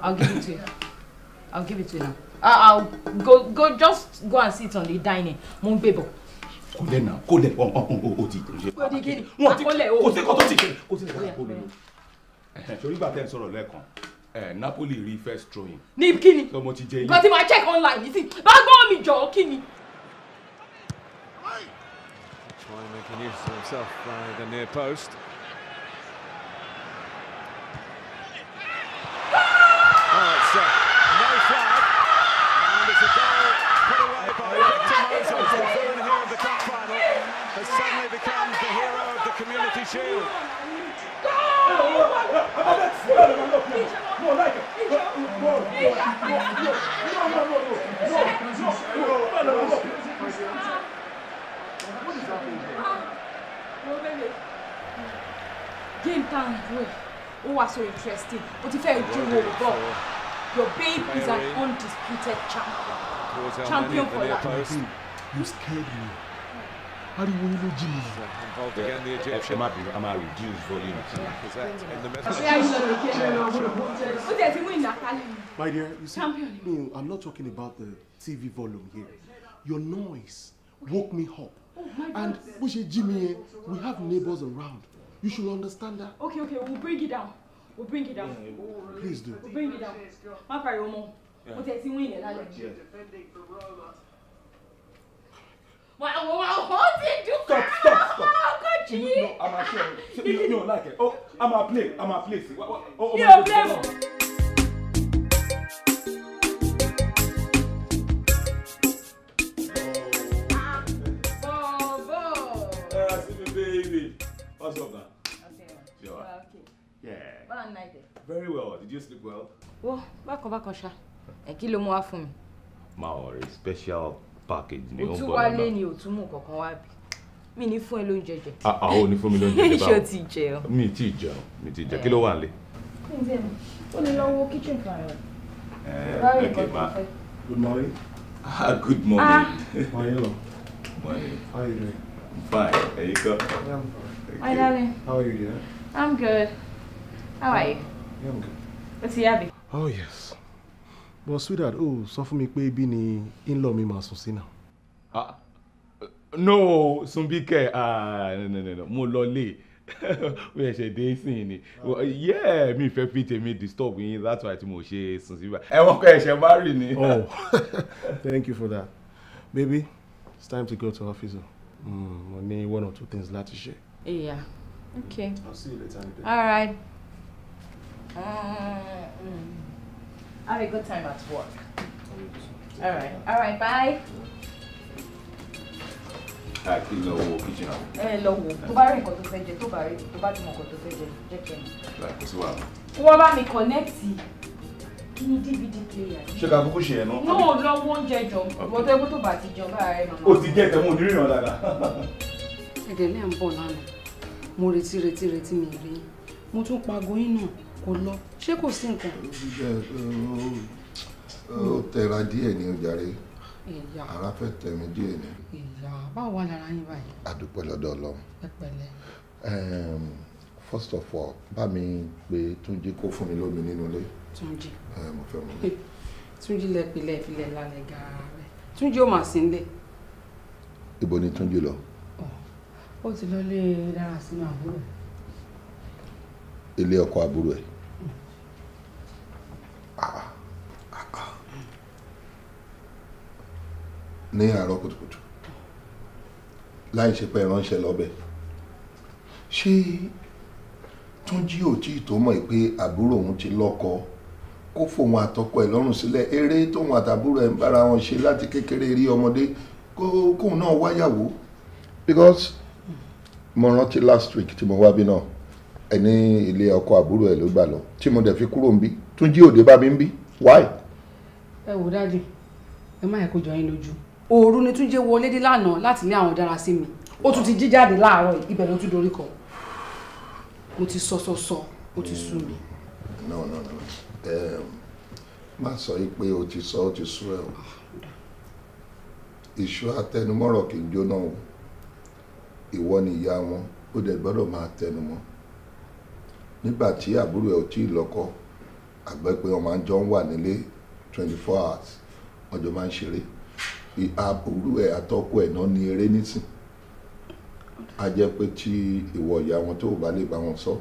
I'll give it to you. I'll give it to you now. Ah, I'll go, go, just go and sit on the dining. Mon ń kò lẹ̀ náà kò lẹ̀ ọ̀n ọ̀n o ti ṣe pàtàkì. o kò sí kọ́tọ́ ti ṣe kò sí kọ́tọ́ kò lẹ̀. sori gba tẹ́ ń sọ̀rọ̀ lẹ́ẹ̀kan Napoli rí first throwing. ní kíni nǹkan tí màá check online yìí sí bá gbọ́ mi jọ̀ọ́ kíni. Trying to make an use of himself by uh, the near post. suddenly becomes the hero of the community shield. Game time, boy. Oh, so interesting. But if I do hold your babe is an undisputed champion. Champion for that. You scared me. ariwo yín ló jí ẹ má bínú a máa reduce volume. my dear you see no i'm not talking about the tv volume here your noise woke me up oh, and bó ṣe jí mi yẹn we have neighbors around you should understand that. okay okay we'll bring it down we'll bring it down. Yeah, please do. we'll bring it down. má pariwo mọ́ mo tẹ̀ sí lálẹ́. What did you stop, stop, stop. Oh, God, no, no, I'm not sure. So, no, no, like it. Oh, I'm a play. I'm a play. Oh, oh, you my Oh, eh, Play. What's up, man? Okay. You all right? Okay. Yeah. Well, night. Very well. Did you sleep well? Well, oh, back on, back on, Sha. Ẹ kí ló mú wá My special package ni ó ń bọ̀ lọ́nà. òtúwálé ni òtúmù kankan wá bí mi ní fún ẹ lóúnjẹ jẹ. àwọn ah, ò ah, ní fún mi lóúnjẹ jẹ báwo iṣẹ́ ti jẹun. mi ti jẹun mi ti jẹun kí ló wà lé. o lè lọ wo kitchen fire. ẹ ẹ kì í máa good morning. ah good morning. mọ̀nyẹ́lọ. Ah. mọ̀nyẹ́. how you doing. fine ẹ̀yin kọ́. hi darling. how are you doing? i'm good. how are you. yeah, i'm good. o ti yá bi. oh yes but sweetheart o sọ fún mi pé ibi ni in-law mi máa sùn sí náà. Ah, no sunbike uh, no, no, no. mo lọ lé o yẹ ṣe dé sí i ni yeah mi fẹ́ fi tèmi disturb yín that's why tí mo ṣe sùn síbà ẹ̀wọ̀n kọ́ ẹ̀ṣẹ̀ bá rì ni. oh thank you for that baby it's time to go to office o mm, mo ní one or two things láti ṣe. yeah okay. i'll see you later all right. Uh, mm. Have a good time at work. All right. All right. Bye. kí lọ wo kitchen àwọn. ẹ lọ wo tó bá rí nǹkan tó fẹ́ jẹ tó bá rí tó bá ti mọ nǹkan tó fẹ́ jẹ jẹ́ kẹ́ mi. kò sí wọ́n bá mi kọ̀nẹ́ẹ̀tì kí ni dvd player. ṣé ká kúkú ṣe ẹ̀ náà. náà lọ wo oúnjẹ jọ wọ́n tó ẹgbẹ́ tó bá ti jẹun báyà o ti jẹ́ ìtẹ̀mú onírìnà dáadáa. ẹ̀dẹ̀ lẹ́ ń bọ̀ lánàá mo retí retí retí mi rí mo tún pa goyin náà kò lọ ṣé kò sí nǹkan. ó tẹra díẹ̀ ní ojàre ara fẹ́ tẹ̀mí díẹ̀ ní. ìyá báwo wà lára yín báyìí. àdúpẹ́ lọ́dọ̀ ọlọ́run. pẹ̀lẹ́. first of all bá mi pé túnjí kó fún mi lómi nínú ilé. túnjí. mo fẹ́ mu. túnjí lẹ pilẹ̀ lálẹ́ gàrà túnjí ó mà sí nílé. ibo ni túnjí lọ. ó ti lọ lé dára sínú àbúrò. ilé ọkọ àbúrò ẹ̀. ní àárọ̀ kùtùkùtù láì ṣe pé ránṣẹ́ lọ́bẹ̀ ṣé túnjí ò tí ì tó mọ̀ pé àbúrò òun ti lọ́kọ kó fòun àtọkọ ẹ̀ lọ́rùn sílẹ̀ eré tóun àtàbúrò ẹ̀ ń bára wọn ṣe láti kékeré rí ọmọdé kóun náà wáyàwó because mo rántí last week tí mo wá bí náà ẹni ilé ọkọ àbúrò ẹ̀ ló gbà lọ tí mo dẹ̀ fi kúrò ń bí túnjí òde bá mi ń bí why. ẹ wò dáàdi ẹ má yẹ kó jọ yín lójú òru ni túnjẹ wọlé dé lánàá láti ilé àwọn dára sí mi ó tún ti jí jáde láàárọ̀ ibẹ̀ ló tún dorí kọ mo ti sọ sọ sọ ó ti sú mi. no no no má sọ yìí pé o ti sọ o ti sú ẹ o ah, ìṣó atẹnumọ́rọ̀ kì í jóná o ìwọ ni ìyá wọn ó dẹ̀ gbọ́dọ̀ máa tẹnumọ́ nígbà tí àbúrò ẹ̀ ò tí ì lọ́kọ àgbẹ̀ pé wọ́n máa ń jọ ń wà nílé twenty four hours wọ́n jọ máa ń ṣeré òwúrò ẹ̀ àtọ́kọ ẹ̀ náà ni eré nísìn a jẹ́ pé tí ìwọ ìyá wọn tó bá lè bá wọn sọ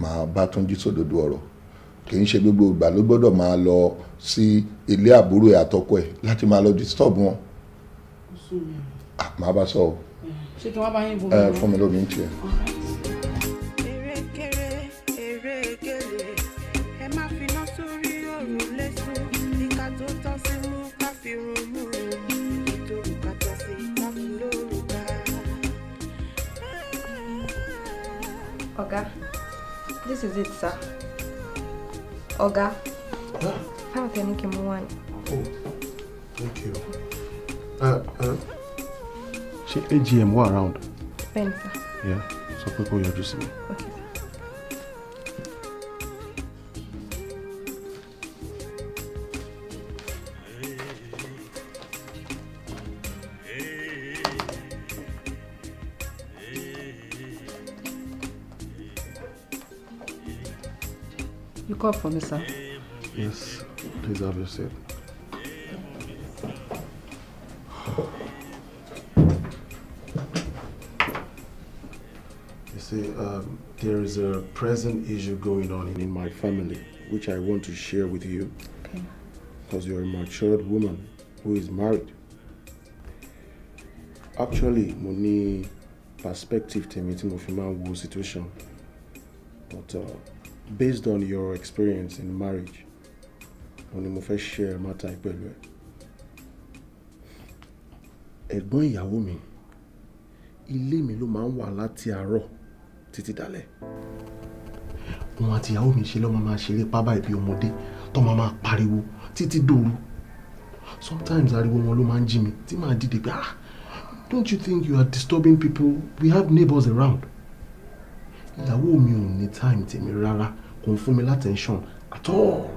máa bá Túnjí sòdodo ọ̀rọ̀ kì í ṣe gbogbo ìgbà ló gbọ́dọ̀ máa lọ sí ilé àbúrò ẹ̀ àtọ́kọ ẹ̀ láti máa lọ disturb wọn màá bá sọ ọ fún mi lómi ń tiẹ̀. this is it sir Oga. fáwọn tẹni kí n mú wá ni. thank you uh, uh. ṣé agm wà around. Ben, sir. yeah So people, kó yọjú sí okay cup for me, sir? Yes, please have your seat. You see, um, there is a present issue going on in my family, which I want to share with you. Okay. Because you're a matured woman who is married. Actually, money perspective to meeting of a man, ń situation. But uh, based on your experience in marriage òun ni mo fẹ́ share matter pẹ̀lú ẹ ẹ̀gbọ́n ìyàwó mi ilé mi ló máa ń wà láti àárọ̀ títí dalẹ́ òun àti ìyàwó mi ṣe lọ́ máa ṣeré pábà ìbí ọmọdé tó máa máa pariwo títí dòru sometimes ariwo wọn ló máa ń jí mi tí màá dìde pé ah don't you think you are disturbing people we have neighbors around ìyàwó mi ò ní time tèmi rárá kò ń fún mi látẹ̀ńṣọ̀n at all.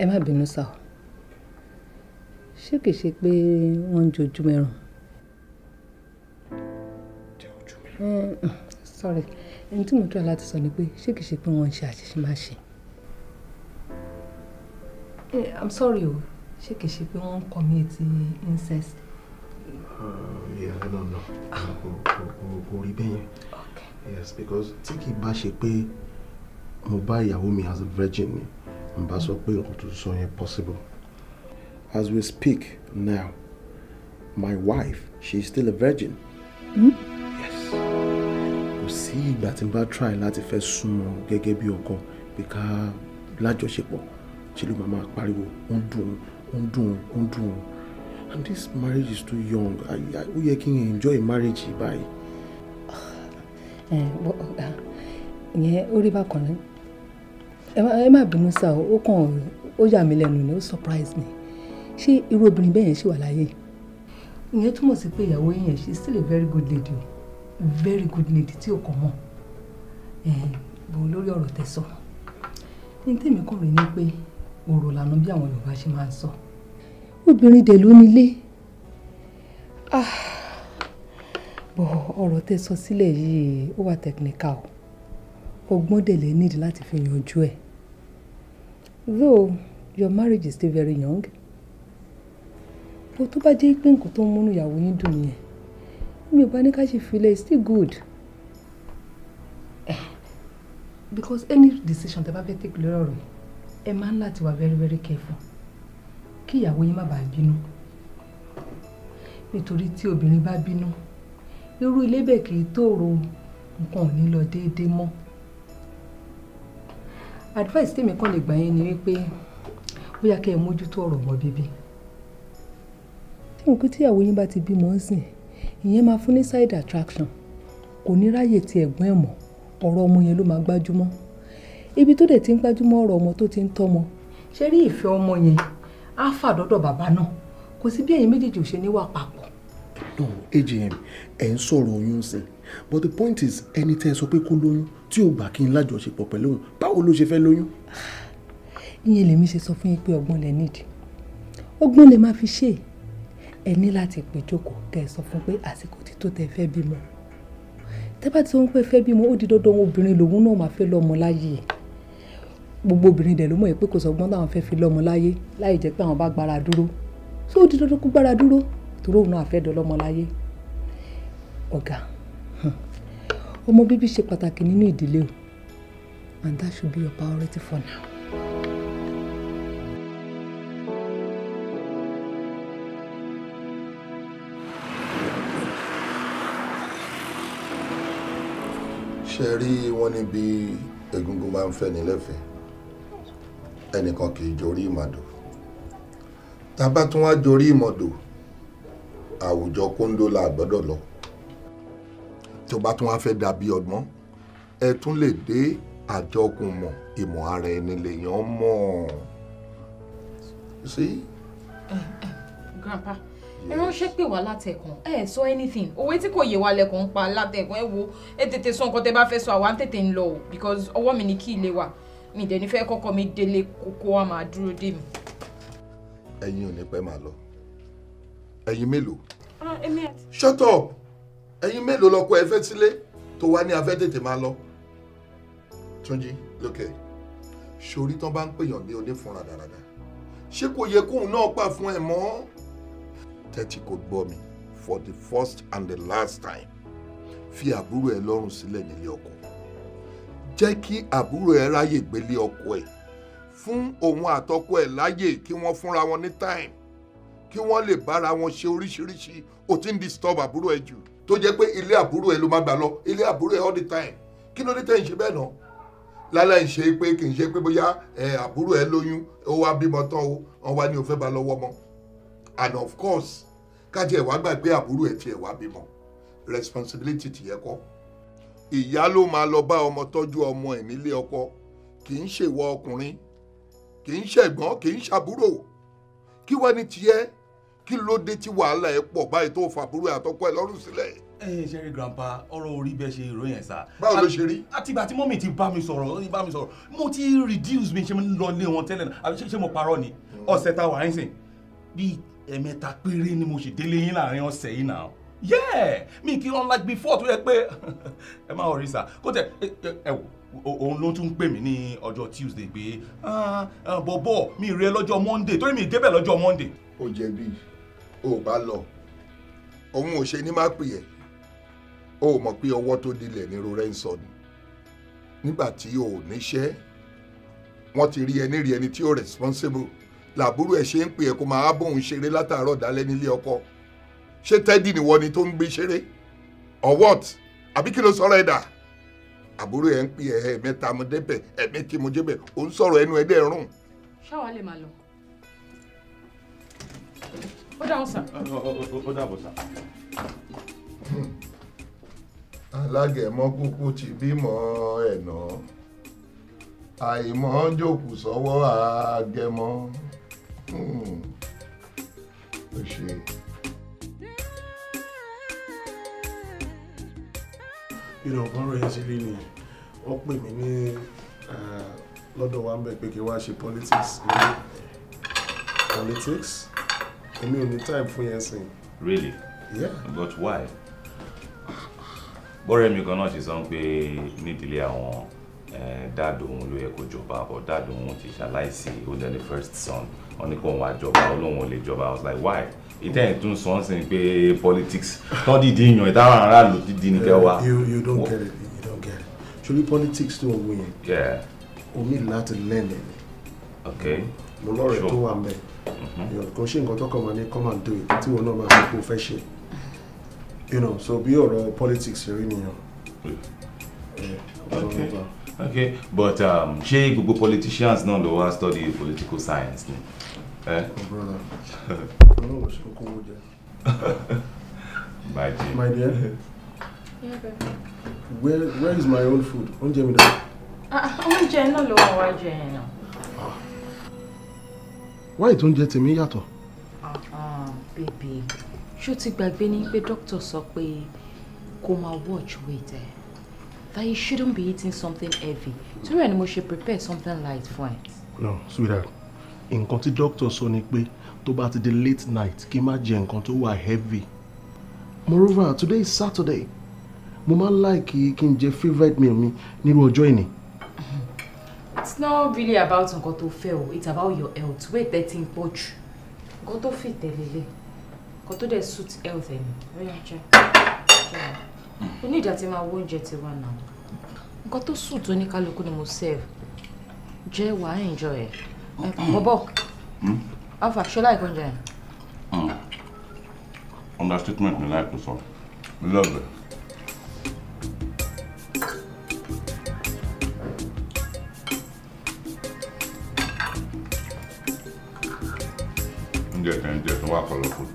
ẹ má bínú sá o ṣé kìí ṣe pé wọ́n ń jojú mẹ́rùn. sorry ẹni tí mo dúró láti sọ ni pé ṣé kìí ṣe pé wọ́n ń ṣe àṣìṣe má ṣe. i'm sorry o ṣé kìí ṣe pé wọ́n ń commit incest. Uh, yeah, I don't know ah. kò rí bẹ́yẹn yes because tí kì í bá ṣe pé mo bá ìyàwó as a virgin ni n bá sọ pé possible as we speak now my wife she is still a virgin Hmm. yes You see that tí n bá try láti first súnmọ́ gẹ́gẹ́ bí ọkọ bí ká lájọṣepọ̀ ṣe ló máa máa pariwo ó ń this marriage is too young ó yẹ kí n enjoy marriage by. ìyẹn ó rí bákan ní ẹ má bínú sá o ó kàn ó yà mí lẹ́nu ni ó surprise me ṣé irú obìnrin bẹ́ẹ̀ yẹn ṣì wà láyé ìyẹn túmọ̀ sí pé ìyàwó she is still a very good lady very good lady tí o kò mọ̀ bò lórí ọ̀rọ̀ tẹ́ sọ ní tèmi kàn rí ni we ọ̀rọ̀ lànà bí àwọn Yorùbá ṣe máa ń sọ obìnrin dẹ̀ ló nílé ah, bọ̀ ọ̀rọ̀ tẹ́ sọ sílẹ̀ yìí ó wà tẹ̀kíníkà o ọgbọ́n dẹ̀ lẹ́ nídìí láti fi yanjú ẹ̀ though your marriage is still very young bó tó bá jẹ́ pé nǹkan tó ń múnú ìyàwó yín dùn nìyẹn mi ò bá ní ká ṣe filẹ̀ it's still good eh, because any decision tẹ́ bá fẹ́ take lórí ọ̀rọ̀ ẹ máa ń láti wà very very careful kí ìyàwó yín má bàa bínú nítorí tí obìnrin bá bínú irú ilé bẹ́ẹ̀ kì í tòrò nǹkan ò ní lọ déédéé mọ́ advice tèmi kàn lè gbà yín ni wípé bóyá kẹ́ ẹ mójútó ọ̀rọ̀ ọmọ bíbí tí nǹkan ìyàwó yín bá ti bímọ ń sìn ìyẹn máa fún ní side attraction kò ní ráyè ti ẹ̀gbọ́n ẹ̀ mọ̀, ọ̀rọ̀ ọmọ yẹn ló máa gbájúmọ́ ibi tó dẹ̀ ti ń gbájúmọ́ ọ̀rọ̀ ọmọ tó ti ń tọ́mọ ṣé rí ìfẹ́ ọmọ yẹn á fà dọ́dọ̀ bàbá náà kò sí bí ẹ̀yin méjèèjì ò ṣe níwà papọ̀. no agm ẹ̀ ń sọ̀rọ̀ oyún sí but the point is ẹni tẹ́ ẹ sọ pé kó lóyún tí ò gbà kí n lájọṣepọ̀ pẹ̀lú òun báwo ló ṣe fẹ́ lóyún. ìyẹn lèmi ṣe sọ fún yín pé ọgbọ́n lẹ nídìí ọgbọ́n lè má fi ṣe ẹ ní láti pè jókòó kẹ́ ẹ sọ fún pé àsìkò ti tó tẹ́ fẹ́ bímọ tẹ́ bá ti sọ fún pé fẹ́ bímọ ó di dandan obìnrin lòun náà máa fẹ́ lọ́mọ láyé ẹ̀ gbogbo obìnrin dẹ̀ ló mọ̀ pé kò sọ́gbọ́n táwọn fẹ́ fi lọ́mọ láyé láì jẹ́ pé àwọn bá gbára dúró so ó di dandan kó gbára dúró torí òun náà fẹ́ dọ́ lọ́mọ láyé. ọ̀gá ọmọ bíbí ṣe pàtàkì nínú ìdílé o and that should be your priority for now. ṣe rí wọn níbi egungun máa ń fẹ́ nílẹ̀ fẹ́ ẹnìkan kì í jorí ìmọ̀dò tá bá tún wá jorí ìmọ̀dò àwùjọ kóńdó la gbọ́dọ̀ lọ tó bá tún wá fẹ́ dàbí ọgbọ́n ẹ tún lè dé àjọkùn mọ̀ ìmọ̀ ara ẹni lèèyàn mọ̀ sí. grandpa ẹ ránṣẹ́ pè wá látẹ̀kùn ẹ sọ anything òwe tí kò yé wa lẹ́kọ̀ọ́ pa látẹ̀kùn ẹ wo ẹ tètè sọ nǹkan tẹ bá fẹ́ sọ àwa tètè ń lọ o because ọwọ́ mi ni kí ilé wa mi dẹ̀ ní fẹ́ kọ́kọ́ mi délé kókó wa máa dúró dè mí. ẹ̀yin ò ní pẹ́ máa lọ ẹ̀yin mélòó. Ah, èmi àti. shut up ẹ̀yin mélòó lọkọ ẹ fẹ́ sílé tó wá ní afẹ́ tètè máa lọ. túnjí lókè sori tán bá ń pèèyàn ní onífúnra dáradára ṣé kò yẹ kóun náà pa fún ẹ mọ́. tẹ́tí kò gbọ́ mi for the first and the last time fi àbúrò ẹ lọ́rùn sílẹ̀ nílé ọkọ jẹ́ kí àbúrò ẹ ráyè gbélé ọkọ ẹ fún òun àtọkọ ẹ láyè kí wọ́n fúnra wọn ní time kí wọ́n lè bára wọn ṣe oríṣiríṣi ó ti ń disturb àbúrò ẹ jù tó jẹ́ pé ilé àbúrò ẹ ló má gbà lọ ilé àbúrò ẹ all the time kí ló dé tẹ̀ ń ṣe bẹ́ẹ̀ náà lálẹ́ ń ṣe pé kì í ṣe pé bóyá àbúrò ẹ lóyún ó wá bímọ tán o wọn wá ní o fẹ́ lọ́wọ́ mọ́ and of course kájẹ́ ẹ̀ wá gbà pé àbúrò ẹ tiẹ̀ wá bímọ responsibility tìyẹ kọ́ ìyá ló máa lọ bá ọmọ tọ́jú ọmọ ẹ̀ nílé ọkọ kì í ṣèwọ ọkùnrin kì í ṣẹ̀gbọ́n kì í ṣàbúrò kí wàá ní tiẹ̀ kí ló dé tí wàhálà ẹ̀ pọ̀ báyìí tó fàbúrò àtọkọ ẹ̀ lọ́rùn sílẹ̀ ẹ̀yin ṣe rí grandpa ọ̀rọ̀ orí bẹ́ẹ̀ ṣe ìròyìn ẹ̀ sá. báwo ló ṣe rí. àtìgbà tí mọ́mì ti bá mi sọ̀rọ̀ ti bá mi sọ̀rọ̀ mo ti reduce mi ṣe ń lọ ilé wọn tẹ́lẹ̀ náà àbí ṣe mo parọ́ ni hmm. ọ̀sẹ̀ ta wà ń sìn bíi ẹ̀mẹ́ta péré ni mo ṣe délé yín láàrin ọ̀sẹ̀ yìí náà yeah mi kì í unlike before tó yẹ pé ẹ má worry sir kó tẹ ẹ wò òun ló tún pè mí ní ọjọ́ tuesday pé ah, ah, bọ̀bọ̀ mi rè lọ́jọ́ monday torí mi débẹ̀ lọ́jọ́ monday. ó jẹ̀bi o ò bá lọ òun ò ṣe ní má pè ẹ́ o ò mọ̀ pé ọwọ́ tó dilẹ̀ ní rorẹ́ ń sọ ni nígbà tí o ò níṣẹ́ wọ́n ti rí ẹni rí ẹni tí ó responsible làbúrò ẹ̀ ṣe ń pè ẹ́ kó máa bóun ṣeré látàárọ̀ dálẹ́ nílé ọkọ ṣé tẹ́dì nìwọ ni tó ń gbé ṣeré or what àbí kí ló sọ̀rọ̀ ẹ̀ dà àbúrò ẹ̀ ń pè ẹ̀ ẹ̀mẹ́ta mo débẹ̀ ẹ̀mẹ́tì mo débẹ̀ ò ń sọ̀rọ̀ ẹnu ẹ̀dẹ̀ rùn. ṣáwa lè máa lọ. ó dáhùn sà. ó dáàbò sà. alágẹ̀mọ kúkú ti bímọ ẹ̀nà àìmọ́ jókòó sọ́wọ́ àgẹ̀mọ. Hmm. ìnà ọ̀bọ̀rọ̀ yẹn ti rí nìyẹn ó pè mí ní lọ́dọ̀ wa ń bẹ̀ pé kí wá ṣe politics ní politics èmi ò ní time fún yẹn sìn. really yeah. but why bọ́rẹ̀ mi kan náà ti sọ pé nídìílé àwọn dáàdò òun ló yẹ kó jọba but dáàdò òun ti ṣaláìsí ó dẹ̀ ní first son wọn ní kó òun wá jọba ó ò lè jọba i was like why ìtẹ́ ẹ̀ tún sọ ọ́n sìn pé politics tán dìde yan ìtara aráàlú dídí ni kẹwa. Eh, you you don't get it you don't get it ṣorí politics tó ń win yẹn o ní láti learn ẹ̀ ni mo lọ́rẹ̀ẹ́ tó wà mẹ́ èèyàn kan nǹkan tọkọ máa ní come and do it tí wọn náà máa fi kó fẹ́ ṣe you know so bí ọ̀rọ̀ politics rí nìyẹn. okay eh, okay but um, ṣé um, gbogbo politicians náà ló wá study political science ni. Eh? Oh, brother ọlọ́run ò sí kókó owó jẹ. my dear. my dear. where where is my own food? oúnjẹ mi náà. Ah, oúnjẹ náà ló wà wá jẹ yẹn náà. wáyé tó ń jẹ tèmi yàtọ̀. Ah, ah, bèbè ṣó ti gbàgbé ni pé dókítà sọ pé kó máa watch weight ẹ that you shouldn't be eating something heavy So ẹ ni mo prepare something light for it. no sweetheart nǹkan tí doctor sọ ni pé tó bá ti di late night kí n má jẹ nǹkan tó wà heavy moreover today is saturday mo máa ń láìkí kí n jẹ favourite meal mi nírú ọjọ́ ìní. it's not really about nǹkan tó fẹ́ o it's about your health weight thirteen pọ̀ jù nǹkan tó fit tẹ̀lélẹ̀ nǹkan tó dẹ̀ suit health ẹ̀ ni rẹ́yà jẹ́ o ní ìdá tí máa wọ oúnjẹ ti wà náà nǹkan tó suit oníkálukú ni mo serve jẹ́ wàá enjoy ẹ̀. Bobo, mm. bọ̀bọ̀ alfa mm. ṣọlá ìgbọ̀njẹ. Mm. understatement ni láìpẹ́ sọ lọ́ọ̀bẹ̀. oúnjẹ kan jẹ tó wà kọlọ́kùn.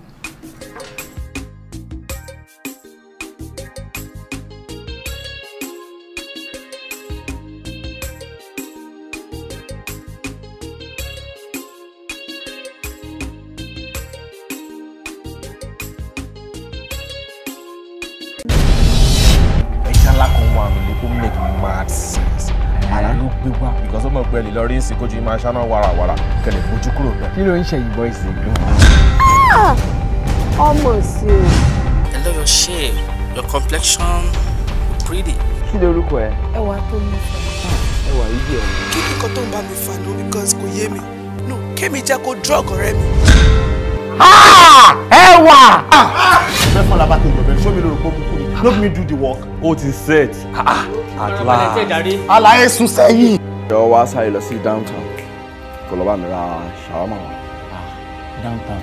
Ìlọrin ń sìnkójú yìí máa ṣáná warawara kẹlẹ̀ fojú kúrò bẹ́ẹ̀. kí ló ń ṣe ìbọn ìsìn ìlú. ọmọ sí o. I love your shape your complexion you pretty. kí lorúkọ ẹ. ẹwà tó ní fẹ́. ẹwà yìí ẹ. kí ni nǹkan tó ń bá mi fà ló because kò yé mi no kémi jẹ́ kó drug ọ̀rẹ́ mi. Ah! ẹwà. mẹ́fọ́n ah! làbá tó yọ̀ bẹ́ẹ̀ ṣó mi lórúkọ kúkú ni make me do the work. o ti set ah, at last. alaye sùn sẹ́yìn jọ wá sáré lọ sí downtown kó lọ bá mi ra ṣàwámà wa. Ah, downtown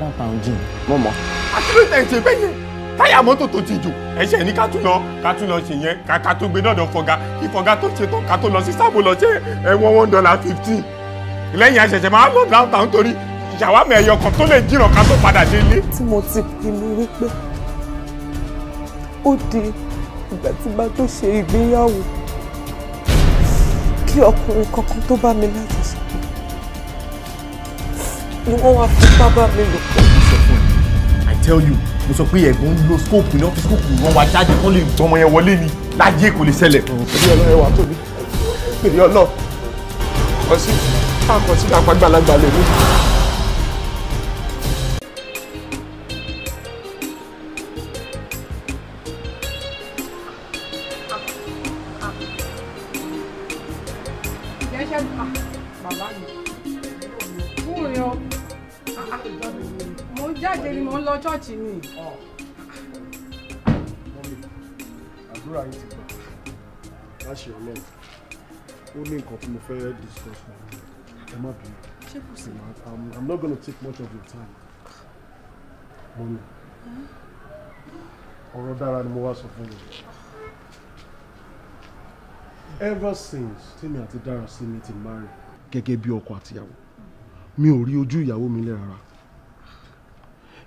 downtown jìn. mo mọ. akérèdé ẹ̀ ṣe bẹ́yẹn táyà mọ́tò tó ti jù ẹ̀ṣẹ̀ ní ká tún lọ ká tún lọ ṣe yẹn ká tó gbé dọ̀dọ̀ fọ̀gá kí fọ̀gá tó ṣe tán ká tó lọ sí sáàbò lọ ṣe ẹ̀wọ̀n one dollar fifteen lẹ́yìn àṣẹ̀ṣẹ̀ máa lọ downtown torí ṣàwámà ẹ̀yọ kan tó lè jìnnà ká tó padà délé. tí mo ti pinnu wípé ó di ìgbà tí bá tó ṣe ìgbéyàwó sí ọkùnrin kankan tó bá mi lájọṣepọ̀ ni wọ́n wá fipá bá mi lò pọ̀. I tell you mo sọ pé ẹ̀gbọ́n ń lo scope ní ọ́fíìsì kòkòrò wọn wá jáde kán lè gbọmọ yẹn wọlé ni láyé kò lè ṣẹlẹ̀. ìdí ọlọ́run wà tóbi ìdí ọlọ́run kò sí àkọsílẹ̀ àpagbàlagbà lè fẹ́ discuss now ẹ má i'm i'm not to take much of your time mọ́mi ọ̀rọ̀ dára ni mo wá sọ ever since tèmi àti dára sí mi ti marry gẹ́gẹ́ bí ọkọ àtìyàwó mi ò rí ojú ìyàwó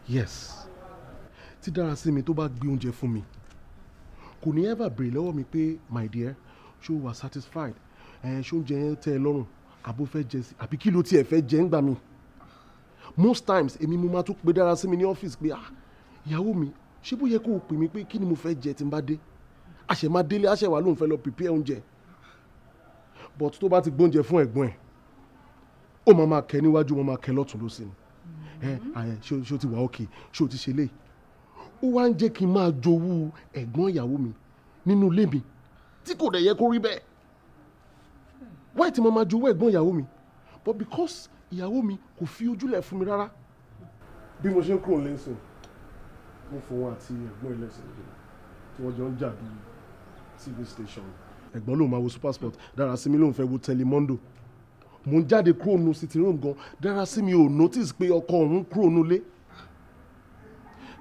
yes tí dára sí mi tó bá gbé oúnjẹ fún mi kò ní ever béèrè lọ́wọ́ mi pé my dear she was satisfied ṣóúnjẹ yẹn tẹ́ ẹ lọ́rùn àbó fẹ́ jẹ sí àbí kí ló tiẹ̀ fẹ́ jẹ ń gbà mí most times èmi mo máa tún pe dára sí mi ní ọ́fíìsì pé ah ìyàwó mi ṣé bó yẹ kó o pè mí pé kí ni mo fẹ́ jẹ tí n bá dé àṣẹ máa délé àṣẹ wà lóun fẹ́ lọ prepare oúnjẹ but tó bá ti gbóúnjẹ fún ẹ̀gbọ́n ẹ̀ ó máa máa kẹ níwájú máa máa kẹ lọ́tún lọ́sìn ẹ ẹ ṣé o ti wà ókè ṣé o ti ṣe léyìí ó wá ń jẹ́ kí n máa jowú ẹ̀gbọ́n ìyàwó mi nínú ilé mi tí kò dẹ̀ wáyé tí mo máa ju ẹ̀gbọ́n ìyàwó mi but because ìyàwó mi kò fi ojúlẹ̀ fún mi rárá. bí mo ṣe ń kúrò lẹ́sìn mo fòun àti ẹ̀gbọ́n ẹlẹ́sìn tí wọ́n jọ ń jà bí tv station ẹ̀gbọ́n lòun máa wo supersport dára sí mi lòun fẹ́ wo telemondo mo ń jáde kúrò nu sitting room gan dára sí mi ò notice pé ọkọ òun kúrò nu lé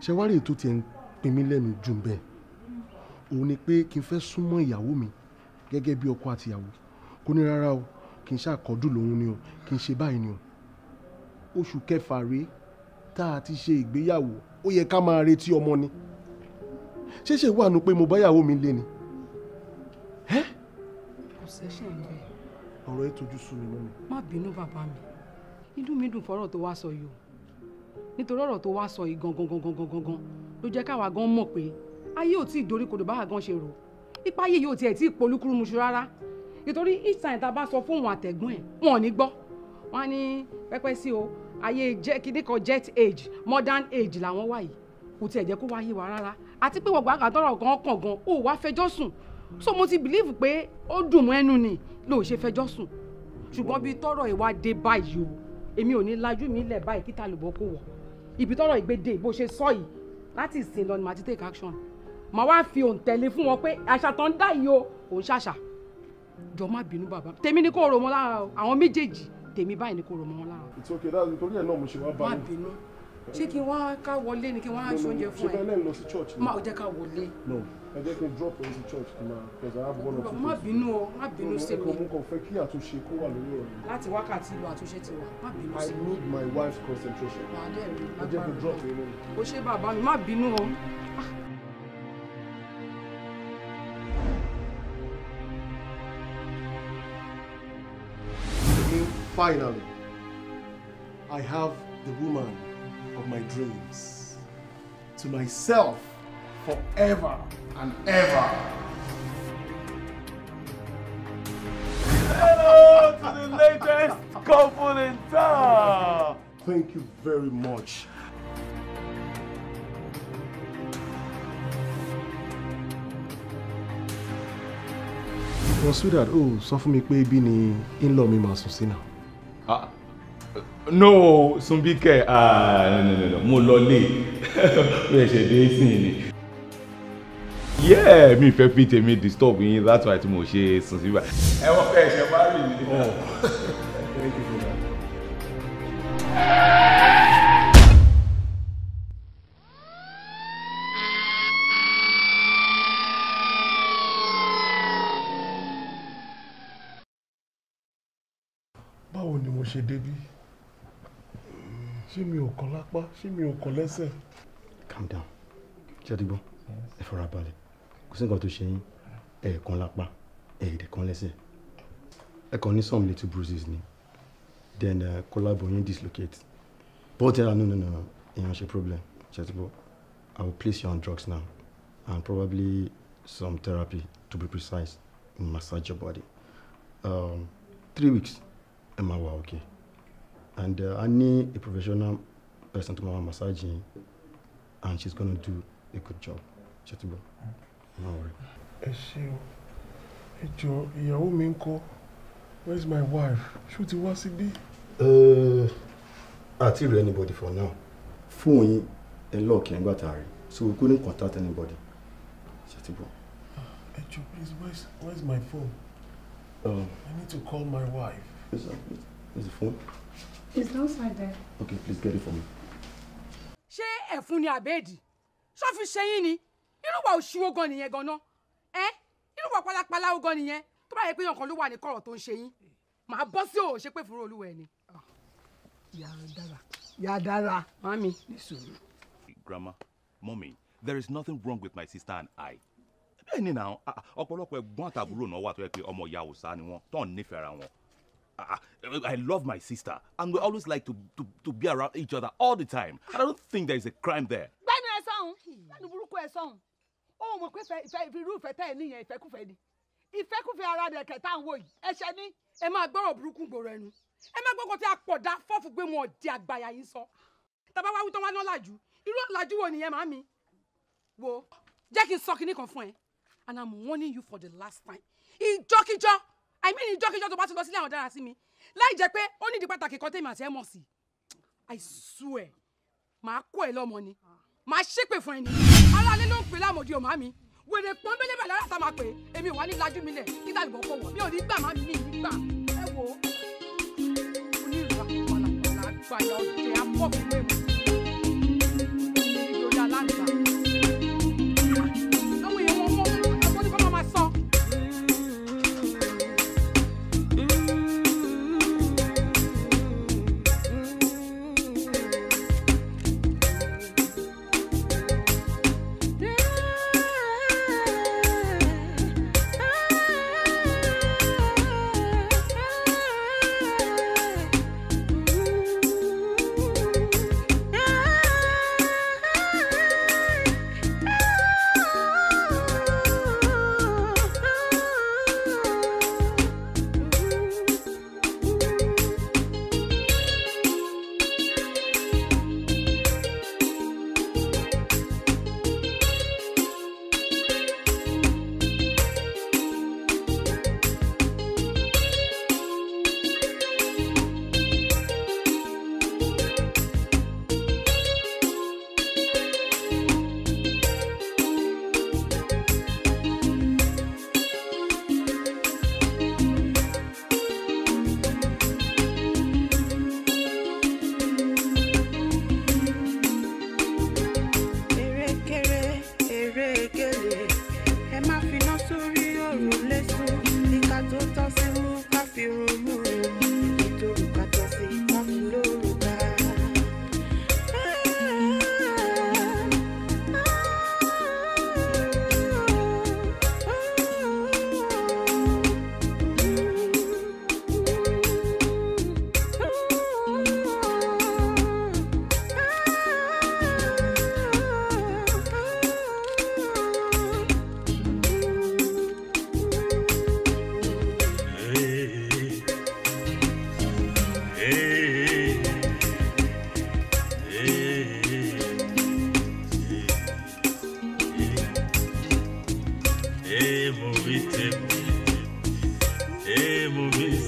ṣe wá rí ètò tiẹ̀ ń pin mí lẹ́nu jù bẹ́ẹ̀ òun ni pé kí n fẹ́ súnmọ́ ìyàwó kó ní rárá o kì í ṣàkọ́dù lòun ni o kì í ṣe báyìí ni o oṣù kẹfà rèé tá a ti ṣe ìgbéyàwó ó yẹ ká máa retí ọmọ ni ṣéṣe wà nù pé mo báyàwó mi lé ni. kò ṣẹ̀ṣẹ̀ ń bẹ̀. ọ̀rọ̀ ẹ tojú sú mi mọ́ mi. má bínú bàbá mi inú mi dùn fọ́rọ̀ tó wá sọ yìí o nítorí ọ̀rọ̀ tó wá sọ yìí gangan gangan gangan gangan ló jẹ́ káwa gan mọ̀ pé ayé ò tí ì dorí kodò báwa gan ṣe rò ipa ayé yìí ò tiẹ̀ tí ì polúkúrú muṣu rárá nítorí each time tá a bá sọ fún òun àtẹ̀gbọ́n ẹ̀ wọn ò ní gbọ́ wọn á ní pẹ́pẹ́ sí o ayé jẹ́ kíní kan jet age modern age làwọn wà yìí kò tiẹ̀ jẹ́ kó wá yé wa rárá àti pé wọ̀gbọ́n àgàtọ́rọ̀ gan kàn gan ó wá fẹjọ́ sùn so mo ti believe pé ó dùn mọ́ ẹnu ni ló ṣe fẹjọ́ sùn ṣùgbọ́n bíi tọ́rọ̀ ìwà dé báyìí o èmi ò ní lajú mi lẹ̀ báyìí kíta lùbọ́ kó wọ̀ ibi tọ́rọ̀ ìgbéde bó ṣe sọ yìí láti ìsìn lọ ni màá ti take action màá wá fi òǹtẹ̀lé fún wọn pé àṣà tán dá yìí o òun ṣàṣà jọ má bínú bàbá tèmi ni kò rò wọn lára o àwọn méjèèjì tèmi báyìí ni kò rò wọn lára. it's okay that's nítorí ẹ̀ náà mo ṣe wá bá mi. má bínú ṣé kí wọ́n ká wọlé ni kí wọ́n á ṣoúnjẹ fún ẹ. ṣé bẹ́ẹ̀ lọ sí church ni. má o jẹ́ ká wọlé. no ẹ jẹ́ kí n drop ẹ sí church kì máa because I have one or two. má bínú o má bínú sí mi. mo kàn fẹ́ kí àtúnṣe kó wà lórí ọ̀rọ̀. láti wákàtí ìlú àtúnṣe ti wà má bínú sí mi. I need my wife's concentration. wà á dẹ̀ ẹ jẹ́ kí n drop ẹ lónìí. o ṣe bàbá mi má bínú o. Ah, Finally, I have the woman of my dreams to myself forever and ever. Hello to the latest couple in town. Thank you very much. Well, sweetheart, oh, sọ fún mi pé in-law me máa sùn Ah, no Sunbike ah, no no no no mo lọ lé o ẹ̀ṣẹ̀ dé sí ni. yeah mi fẹ́ fi tèmi disturb yín that's why tí mo ṣe sùn síbà. ẹ wọ́n fẹ́ ẹ̀ṣẹ̀ bá rìn ní. ṣe débí ṣé mi ò kàn lápá ṣé mi ò kàn lẹ́sẹ̀. calm down ṣé ẹ ti gbọ́ ẹ fara balẹ̀ kò sí nǹkan tó ṣe yín ẹ̀ẹ̀kan lápá ẹ̀ẹ̀dẹ̀kan lẹ́sẹ̀ ẹ kàn ní some little bruises ni then uh, collarbone yín dislocate but uh, no no no ìyẹn ṣe problem ṣé ẹ ti gbọ́ i will place you on drugs now and probably some therapy to be precise massage your body um, three weeks ẹ máa wà òkè and uh, I need a professional person to máa massage yín and she's gonna do a good job ṣe ti gbọ́ no worry. ẹ ṣe o ẹ jọ ìyàwó mi ń kọ́ where is my wife ṣó ti wá síbí. àti uh, rẹ anybody for now fóònù yín ẹ lọ́ọ̀kì ẹ̀ ń gbà tààrí so we couldn't contact anybody ṣe ti gbọ́. Ah, ẹ jọ please where is, where is my phone. Um, I need to call my wife. Is the phone? It's outside there. Okay, please get it for me. Ṣé ẹ̀fun ni àbẹ́ẹ̀dì? Ṣó fi ṣe yín ni? Irúwà òṣìwò gan nìyẹn gan-an. Ẹ irúwà pálápàlá ó gan nìyẹn. Tó bá yẹ pé ọkàn ló wà ní kọ̀rọ̀ tó ń ṣe yín. Màá bọ́ sí òun ṣe pé fúnra olúwa ẹ̀ ni. Yà á dára. Yà á dára. Mami. Grandma, mommy, there is nothing wrong with my sister and I. Bẹ́ẹ̀ni náà, ọ̀pọ̀lọpọ̀ ẹ̀gbọ́n àtàbúrò náà wà tó yẹ pé ọmọ ìyá òòsà ni wọ́n tó ń nífẹ̀ẹ́ ara wọn. Ah, I love my sister, and we always like to, to, to be around each other all the time. And I don't think there is a crime there. Gbẹ́nu ẹ sọ̀hún, gbẹ́nu burúkú ẹ sọ̀hún. Ó mọ̀ pé ìfẹ́ irú ìfẹ́ tẹ́ ẹ níyẹn ìfẹ́kùfẹ́ ni. Ìfẹ́kùfẹ́ ara rẹ̀ kẹta ń wò yìí. Ẹ̀ṣẹ̀ ni ẹ máa gbọ́rọ̀ burúkú gbòòrò ẹnu. Ẹ má gbọ́kàn tí a pọ̀ dá fọ́ọ̀fù gbé wọn ọ̀dẹ àgbàyà yìí sọ. Tàbá wá wí tán wá ná làjú. Irú làjú wo nìyẹn màámi? Wo, jẹ́ kí n sọ kinní kan fún ẹ. And I'm warning you for the last time. Ìjọ́kíjọ́ àìmí ni jọ́kíjọ́ tó bá ti lọ sílé àwọn dára sí mi láì jẹ́ pé ó nídìí pàtàkì kan tèmi àti ẹ̀ mọ̀ sí i swear màá kó ẹ lọ́mọ ni màá ṣépè fún ẹ ni aláàlẹ́ ló ń pè lámòdì ọ̀má mi wèrè pọ́n bẹ́lẹ́ bẹ̀rẹ̀ lára táwọn pè èmi ò wá ní lajú mi lẹ̀ kí dàlùbọ̀ kọ̀ wọ̀ mi ò ní gbà má mi ní ìlú gbà ẹ wò ó onírìnà ọ̀làkọ̀ọ̀là gbàyà ọ̀jẹ̀ apọ̀ mi lé mi. Hey movie tip, hey movie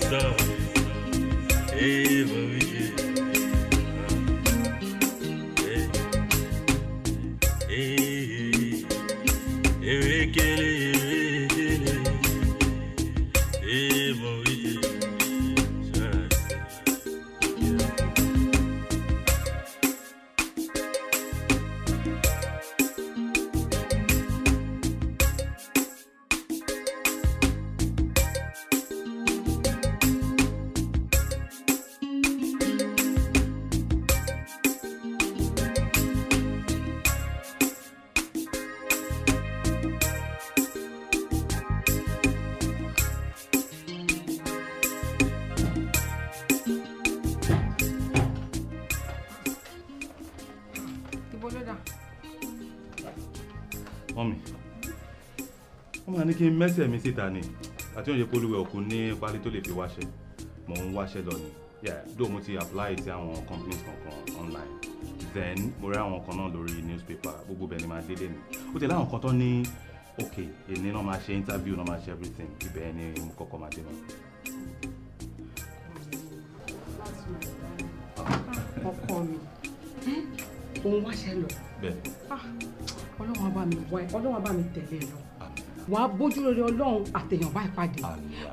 kí n mẹ́sẹ̀ mi síta ni àti oúnjẹ polúwẹ̀ òkun ní pálí tó lè fi wáṣẹ́ mò ń wáṣẹ́ lọ ni dóò mo ti apply sí àwọn companies kankan online then mo rí àwọn kan náà lórí newspaper gbogbo bẹ́ẹ̀ ni máa délé ni ó tẹ̀lé àwọn kan tó ní ok èmi náà máa ṣe interview náà máa ṣe everything ibẹ̀ ni mo kọ́kọ́ máa dé náà. ọkọ mi òun wáṣẹ́ lọ ah, ọlọ́wọ́n bá mi tẹ̀lé lọ wàá bójú rere ọlọ́run àtẹ̀yànbá ìpàdé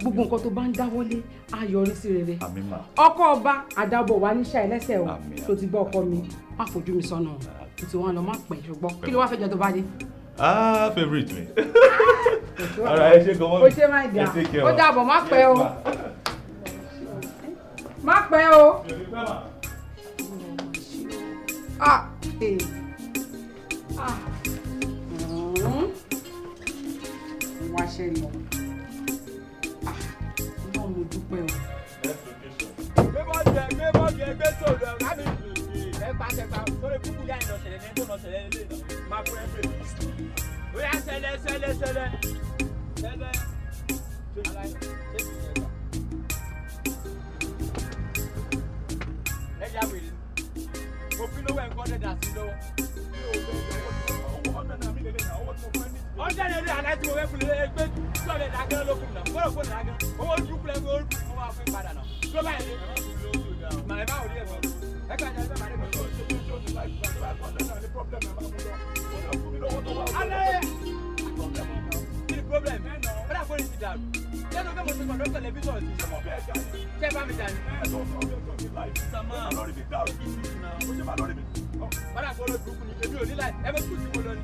gbogbo nǹkan tó bá ń dáwọ́lé á yọrí sí rere ọkọ ọba àdàbọ̀ wà ní ṣáì lẹ́sẹ̀ o tó ti gbọ́ ọkọ mi má fojú mi sọnù o tí wọn lọ má pẹ́ ṣùgbọ́n kí ló wá fẹ́ jọ tó bá dé. ah favourite mi ara ẹ ṣe gbọmọ mi o ṣe máa dà ó dàbọ̀ má pẹ́ o má pẹ́ o ah eh. ah. wáṣẹ́ lọ náà mo dúpẹ́ o. gbé bọ́ jẹ gbé bọ́ jẹ gbé sọ̀rọ̀ láti ẹ pa tẹpa sórí kúkú yá ìlọ ṣẹlẹ̀ ní ẹgbẹ́ ọ̀nà lè máa fún ẹ fẹ́ ó yá ṣẹlẹ̀ ṣẹlẹ̀ ṣẹlẹ̀ ṣẹlẹ̀ tó yàrá ṣẹlẹ̀ ṣẹlẹ̀ ẹ yá wèrè mo lówó ẹ̀ ń sí lọ́wọ́. I'm yẹn ní aláìsí mo fẹ́ fún ilé ẹgbẹ́ tó lè dàgẹ́ lókun náà fọ́nà fún ìdàgẹ́ owó ojú kulẹ̀ fún orí fún wa fún ìpadà náà tó bá yẹn ní màlẹ́ bá òní ẹ̀fọ́ ẹgbẹ́ àjọ ẹgbẹ́ màlẹ́ bọ̀ ṣe bí ṣe oṣù láì fún wa fún ọ̀nà ní pọ́blẹ́mù ẹ̀ máa fún lọ fún mi lọ́wọ́ tó wà fún mi problem ọ̀dà fún ìsì dàrú yẹn tó fẹ́ mo ti mọ̀ lọ́sọ̀ tẹlifíṣọ̀n ti sọ̀mọ̀ bẹ́ẹ̀ jà ní. ṣé bá mi jà ní. ẹ lọ sọ ọjọ́ ìjọba láì fi sàmà lórí mi dàrú bí sí ìsìn náà ó ṣe máa lórí mi. ọ̀dà fún olóògùn ni èmi ò ní láì ẹ bẹ kú sí mo lọ ni.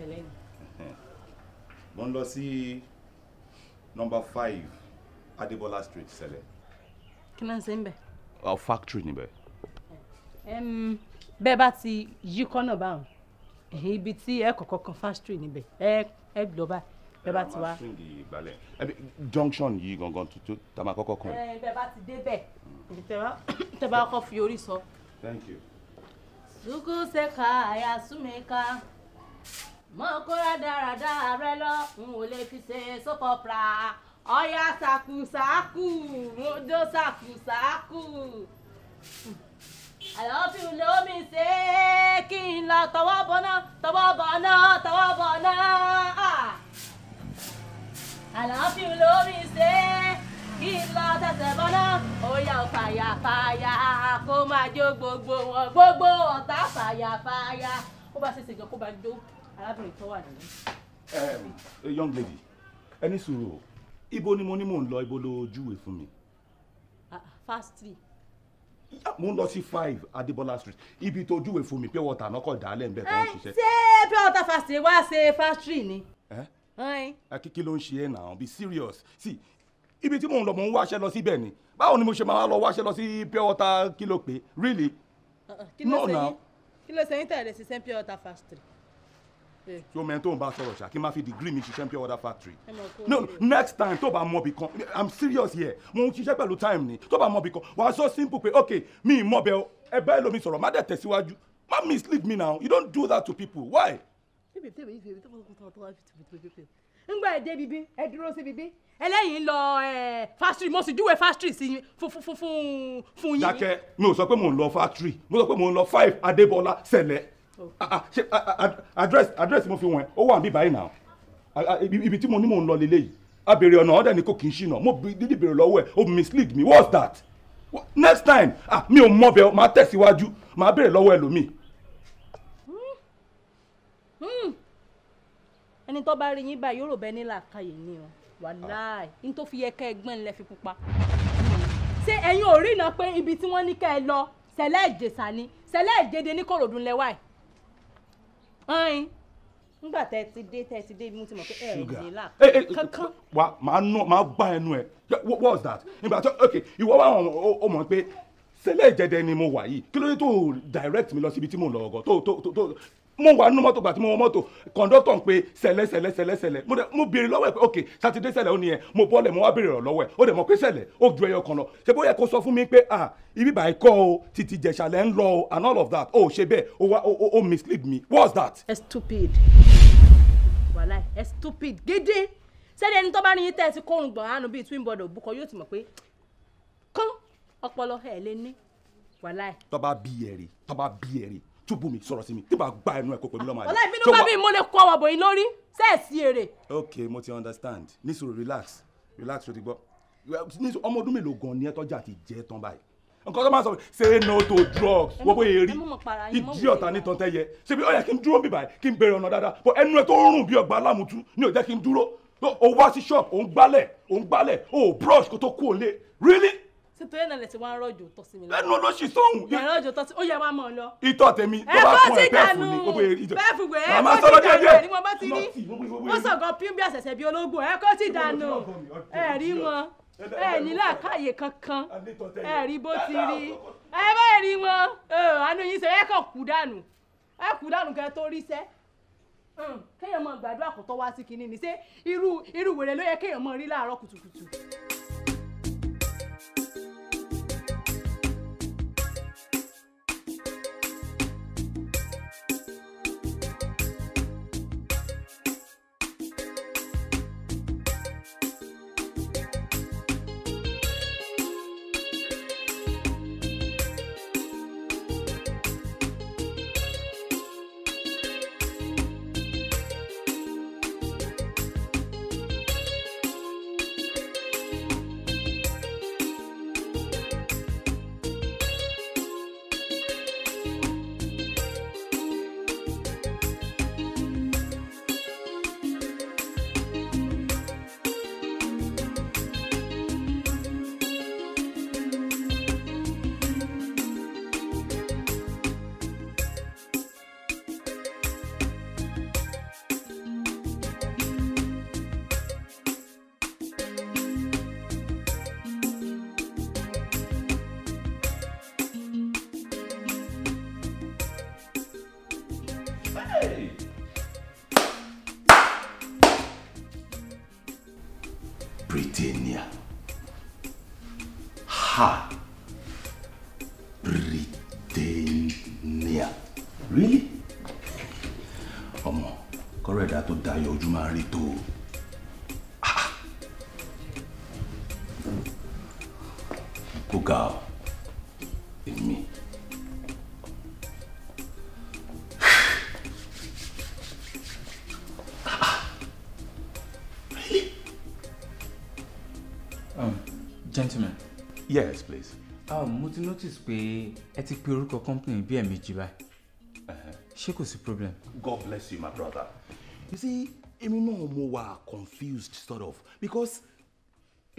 tẹ̀lé ni. mo ń lọ sí nọmba five Adébọlá street sẹlẹ. kí ló ń ṣe ń bẹ̀. factory níbẹ̀. bẹ́ẹ̀ bá ti yí kọ́nà báwọn ibi tí ẹ kọ̀kọ́ kan factory níbẹ̀ ẹ ẹ lọ bá bẹ́ẹ̀ bá ti wá. junction yìí gangan tuntun tá a máa kọ́kọ́ kàn. bẹ́ẹ̀ bá ti dé bẹ́ẹ̀ hmm. tẹ́ bá kọ́ fi orí sọ. thank you. suku seka aya sumeka mo kóra dáradára rẹ lọ n ò lè fi ṣe sókọpra ọyá sàkùsàkù mo jó sàkùsàkù àlọ́fin ló mi ṣe é kí n lọ tọwọ́ bọ́ná tọwọ́ bọ́ná tọwọ́ bọ́ná àlọ́fin ló mi ṣe kí n lọ tẹsẹ̀ bọ́ná ó ò fàyàfàyà kó máa jó gbogbo wọn gbogbo ọ̀tá fàyàfàyà ó bá ṣe ṣègbè kó bá jó arábìnrin tó wà nínú. young lady ẹ ní sùúrù o ibo ni mo ní mò ń lọ ibo ló júwe fún mi. Ah, fast three. Ah, mo ń lọ sí five Adébọ́lá street ibi tó júwe fún mi pé water tàná kọ̀ dálẹ̀ ń bẹ̀ tó ń ṣiṣẹ́. ṣé pé wọ́n fast three wá ṣe fast three ni. akíkí ló ń ṣe é náà be serious see ibi tí mò ń lọ mò ń wáṣẹ́ lọ síbẹ̀ ni báwo ni mo ṣe máa lọ wáṣẹ́ lọ sí pure water kí ló pé really. Uh, uh, kí ló ṣe yín tẹ̀lé sí sẹ́ńpì water fast three tí o mẹ́ni tó ń bá sọ̀rọ̀ ṣá kí n má fi degree mi ṣiṣẹ́ ní pure water factory no next time tó bá mọ bì kan i'm serious here mo ń ṣiṣẹ́ pẹ̀lú time ni tó bá mọ bì kan wàá sọ simple pé ok mi ì mọ bẹ́ẹ̀ ẹ bá ẹlòmíì sọ̀rọ̀ má dẹ̀ tẹ̀síwájú má mislead me now you don't do that to people why. ngbà ẹ dé bíbí ẹ dúró sí bíbí ẹlẹ́yìn lọ factory mo sì júwe factory sí fún fún Fun, fún yín. dákẹ́ mi ò sọ pé mò ń lọ factory mo sọ pé mò ń lọ five adébọlá sẹ̀lẹ̀. Ah, ah, ṣe ah, address address mo fi wọn ó wà níbí báyìí náà ibi tí mo ní mò ń lọ lélẹ̀ yìí a béèrè ọ̀nà ọ̀dẹ̀ ni kò kì í ṣìnà mo dídì béèrè lọ́wọ́ ẹ̀ o mislead me what's that next time ah mi ò mọ bẹ́ẹ̀ máa tẹ̀síwájú máa béèrè lọ́wọ́ ẹlòmíì. Hmm. Hmm. ẹni tó bá rí yín báyìí yóò rò bẹ́ẹ̀ ní làákàyè ni o wàláì ní tó fi yẹ kẹ́ ẹgbọ́n ńlẹ̀ fi pupa. Hmm. ṣé ẹ̀yin ò rí iná pé ibi tí wọ́n ní kẹ́ ẹ lọ sẹ́lẹ̀ ìjẹsà ni sẹ́lẹ̀ ìjẹde ní kòròdú ńlẹ̀ wáyìí ọ̀hìn nígbà tẹ ti dé tẹ ti dé mo ti mọ̀ pé ẹ ẹ ní eh, eh, kankan. wa màá nù màá gbá ẹnu ẹ what was that nígbà tó ok ìwọ wà ó mọ̀ pé sẹlẹ̀ ìjẹ̀dẹ̀ ni mo wà yìí kí ló dé tó direct mi lọ síbi tí mo lọ ọgọ tó tó tó mo wà nínú mọ́tò gbà tí mo wọ mọ́tò kọ̀ńdọ́tọ̀ ń pe sẹ̀lẹ̀ sẹ̀lẹ̀ sẹ̀lẹ̀ sẹ̀lẹ̀ mo béèrè lọ́wọ́ ẹ̀ pé ok sátidé sẹ̀lẹ̀ ó ní mo bọ́ọ̀lẹ̀ mo wá béèrè rọ̀ lọ́wọ́ ẹ̀ ó dẹ̀ mọ̀ pé sẹ̀lẹ̀ ó ju ẹyọ kan lọ ṣé bóyá kó sọ fún mi pé ah ibi bàá kọ́ o títí jẹ̀sàlẹ̀ ń lọ o and all of that ó ṣe bẹ́ẹ̀ ó wá ó mislead me what's that. ẹ stupid wàhálà ẹ stupid gidi sẹ́ni ẹni tó bá ní tẹ́ ti kórun gbọ̀n àánú bíi twin bọ̀dọ̀ òbúkọ yóò ti mọ̀ pé kán ọpọlọ ẹ lé ní wàhálà ẹ. tọ́ba bí ẹ̀rì tọ́ba bí ẹ̀rì túbú mi sọ̀rọ̀ sí mi tí bá gba ẹnu ẹ̀ kó pè mí lọ́mọ àlè. ọ̀la ìbínú mo lè kọ́ ọ̀bọ̀ yín lórí sẹ́ẹ̀sì èrè. ok mo ti understand nísòro relax relax o ti gbọ́ ọmọ ọdún mélòó gan ni ẹ tọ́jà ti jẹ́ tán báyìí nǹkan tó máa sọ say no to drugs wọ́n bóyá rí ìdí ọ̀tá nítan tẹ́yẹ ṣebí ó yẹ kí n dúró bíbáyìí kí n bèrè ọ̀nà dáadáa but ẹnu ẹ tó ń rùn bí ọgbà alámùtú ni ò jẹ́ kí n dúró o wá sí shop ò ń gbálẹ̀ ò ń gbálẹ̀ o brush kó tó kú òun lé really ṣe tó yẹn lẹ ti wá ń rọ̀jò tọ́ sí mi lọ. lẹ́nu olóṣì sóhùn. ìyẹn rọ̀jò tọ́ sí ó yẹ wá mọ̀ lọ. ìtọ̀ tèmi tó bá kún ẹ bẹ́ẹ̀ fún mi ó bẹ̀rẹ̀ ìjọ. bẹ́ẹ̀ fùgbẹ́ ẹ kó ti dànù ni wọ́n bá ti rí ó sọ̀gàn pín bí àṣẹ̀ṣẹ̀ bí ológun ẹ ti dànù ẹ rí wọn ẹ ní làákàyè kankan ẹ rí bó ti rí ẹ bá rí wọn àánú yín ṣe ẹ kàn dànù ẹ dànù kẹ tó rí sẹ́ hmm, kéèyàn máa gbàdúrà kó tó wá sí kinní ni ṣé irú irú wèrè ló yẹ kéèyàn máa rí láàárọ̀ kùtùkùtù. ga ọ èmi. Um, gentleman. yes please. Um, mo ti notice pé ẹ ti pe orúkọ company bí ẹ̀ẹ̀mejì báyìí. Uh-huh. ṣé kò sí problem. God bless you my brother. you see èmi náà mo wà confused sort of because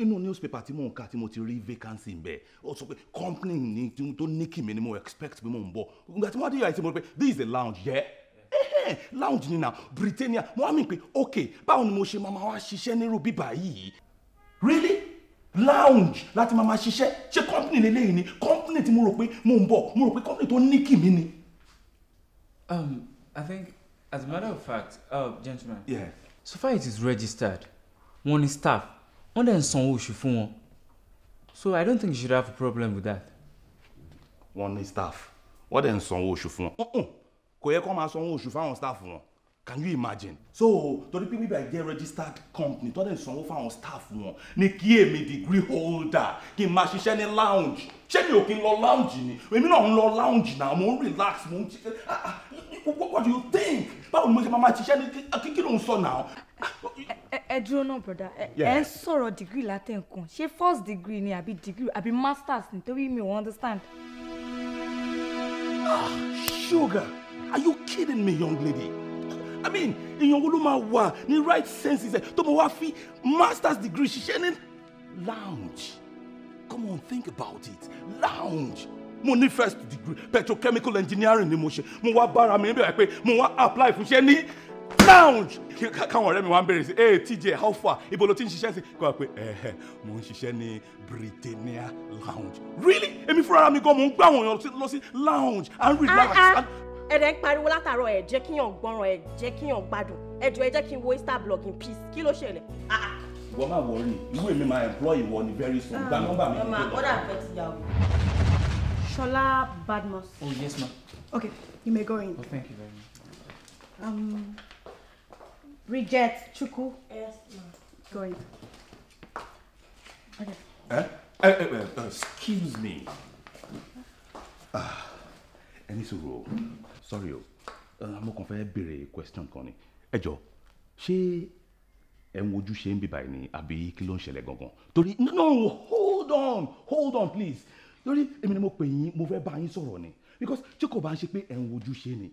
inú newspaper tí mò ń kà tí mo ti rí vacancy bẹ́ẹ̀ ó sọ pé company ni tó ní kìmí ni mo expect pé mò ń bọ̀ ìgbà tí wọ́n dé yàrá tí mo pé this is a lounge yẹ́ yeah? lounge ni na Britannia mo wá mi pé ok báwo ni mo ṣe máa wá ṣiṣẹ́ nírú bíbá yìí really lounge láti máa ṣiṣẹ́ ṣé company lélẹ́yìn ni company tí mo rò pé mo ń bọ̀ mo rò pé company tó ní kìmí ni. Um, I think, as a matter of fact, uh, gentlemen, yeah. so far it is registered, one staff, wọ́n dẹ̀ ń san owó oṣù fún wọn so i don't think you should have a problem with that. wọ́n ní staff wọ́n dẹ̀ ń san owó oṣù fún wọn kò yẹ kó máa san owó oṣù fáwọn staff wọn can you imagine. so torí pé bíbá jẹ́ registered company tọ́lẹ̀ ìsanwó fáwọn staff wọn ni kí èmi degree holder kí n máa ṣiṣẹ́ ní lounge ṣé mi ò kí n lọ lounge ni èmi náà ń lọ lounge náà mo ń relax mo ń ṣiṣẹ́ ah, ah, what do you think báwo ni mo ṣe máa máa ṣiṣẹ́ ní kíkí ló ń sọ náà. ẹ dúró náà broda ẹ ń sọ̀rọ̀ degree látẹ̀kùn ṣé first degree ni àbí degree àbí masters nítorí mi ò understand. ah sugar are you kidding me young lady. I mean, èèyàn wo ló máa wà ní right senses ẹ̀ tó máa wá fi master's degree ṣiṣẹ́ ní lounge. Come on, think about it. Lounge. Mo ní first degree petrochemical engineering ni mo ṣe. Mo wá bára mi níbẹ̀ pé mo wá apply fún iṣẹ́ ní lounge. Káwọn ọ̀rẹ́ mi wá ń bèrè sí, "Ee TJ, how far? Ibo lo ti ń ṣiṣẹ́ sí?" Kọ́ pé ẹ̀hẹ̀ mo ń ṣiṣẹ́ ní Britannia lounge. Really? Èmi fúnra mi gan mo ń gbà wọ̀nyàn lọ sí lounge and relax. Uh -uh. And ẹ̀rẹ̀ ń pariwo látàárọ̀ ẹ̀ jẹ́ kíyàn gbọ́ràn ẹ̀ jẹ́ kíyàn gbádùn ẹ̀jọ̀ ẹ̀ jẹ́ kí n wo Easter block in peace kí ló ṣẹlẹ̀. Ah, ìwọ máa wọrí irú èmi máa employ ìwọ ni very soon gba ah, nọ́mbà mi. ọmọ àkọ́dà fẹ́ ti yà wò. Shola Badmus. oh yes ma. Am. okay you may go in. oh thank you very much. Um, reject Chukwu. yes ma. go in. okay. Eh? Uh, uh, uh, excuse me. Ah, ẹni sọ̀rọ̀ o sorry o eh, mo kàn fẹ́ béèrè question kan ni ẹ jọ ṣé ẹ ń wojú ṣe ń bí báyìí ni àbí kí ló ń ṣẹlẹ̀ gangan torí no hold on hold on please torí èmi ni mo pè yín mo fẹ́ bá yín sọ̀rọ̀ ni because tí kò bá ń ṣe pé ẹ ń wojú ṣe ni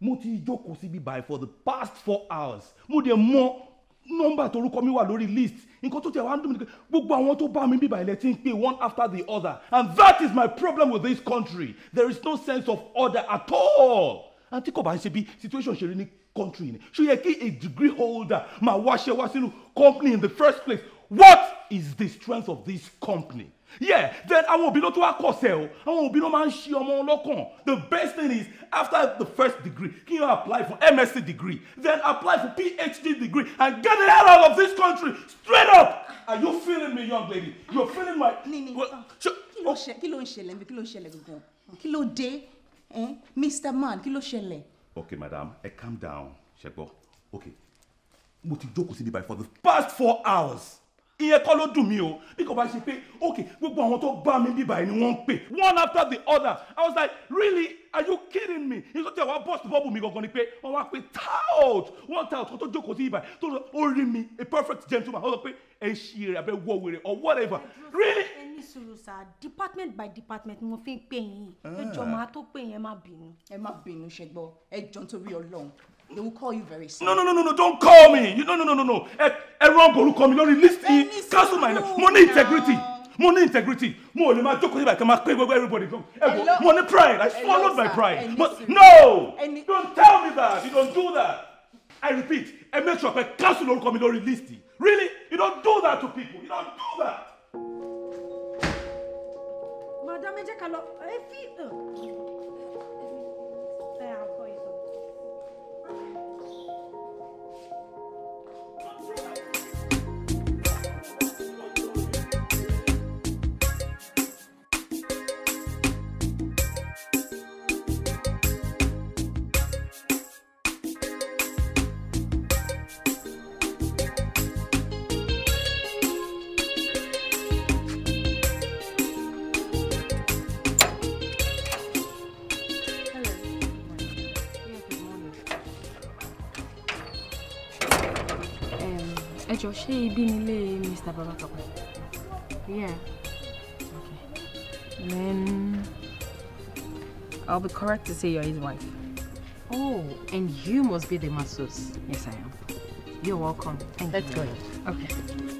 mo ti jókòó sí bí báyìí for the past four hours mo dẹ̀ mọ̀ nọ́mbà torúkọ mi wà lórí list nǹkan tó tẹ̀ wá ń dùn mí gbogbo àwọn tó bá mi bíbà ilẹ̀ tí ń pè one after the other and that is my problem with this country there is no sense of order at all àti kò bá ń ṣe bí situation ṣe rí ní country ni ṣó yẹ kí a degree holder máa wáṣẹ wá sínú company in the first place what is the strength of this company. Yeah, then àwọn òbí ló tún wá kọ̀sẹ̀ o, àwọn òbí ló máa ń ṣe ọmọ ọlọ́kàn. The best thing is after the first degree, can you apply for MSc degree, then apply for PhD degree and get it out of this country straight up. Are you feeling me, young lady? You're feeling my. Nini, kí ló ń ṣẹlẹ̀ mi, kí ló ń ṣẹlẹ̀ gbogbo? Kí ló dé? Mr. Man, kí ló ṣẹlẹ̀? Okay, madam, eh, calm down, ṣẹ́gbọ́. Okay, mo ti jókòó síbi by for the past four hours ìyẹn kọ́ ló dùn mí o bí kò bá ṣe pé ok gbogbo àwọn tó bá mi bíbá ẹni wọ́n ń pè one after the other i was like really are you kidding me ní tó tẹ wá bọ́ọ̀sì bọ́ọ̀bù mi gangan ni pé wọ́n wá pé tout wọ́n tout kó tó jókòó sí ibà tó lọ ó rí mi a perfect gentleman ó sọ pé ẹ ṣí rẹ abẹ wọ wèrè or whatever really. ẹni sùúrù sá department by department mo fi ń pè yín ẹjọ ah. máa tó pè yín ẹ má bínú ẹ má bínú ṣẹgbọ ẹjọ nítorí Ọlọ́run They will call you very soon. No, no, no, no, no, don't call me. You, no, no, no, no, no. Everyone ẹ wrong orúkọ mi release me, Cancel my name. Mo integrity. money integrity. money. ò lè máa jókòó síbà everybody go. Ẹ pride. I swallowed my pride. Mo, no! Don't tell me that. You don't do that. I repeat, ẹ make sure pé cancel orúkọ mi lórí release me. Really? You don't do that to people. You don't do that. Madam, Ejekalo, jẹ́ ká ṣé ibi nílé Mr. Babatope? Yeah. Okay. Then I'll be correct to say you're his wife. Oh, and you must be the masseuse. Yes, I am. You're welcome. Thank Let's you. go. Okay.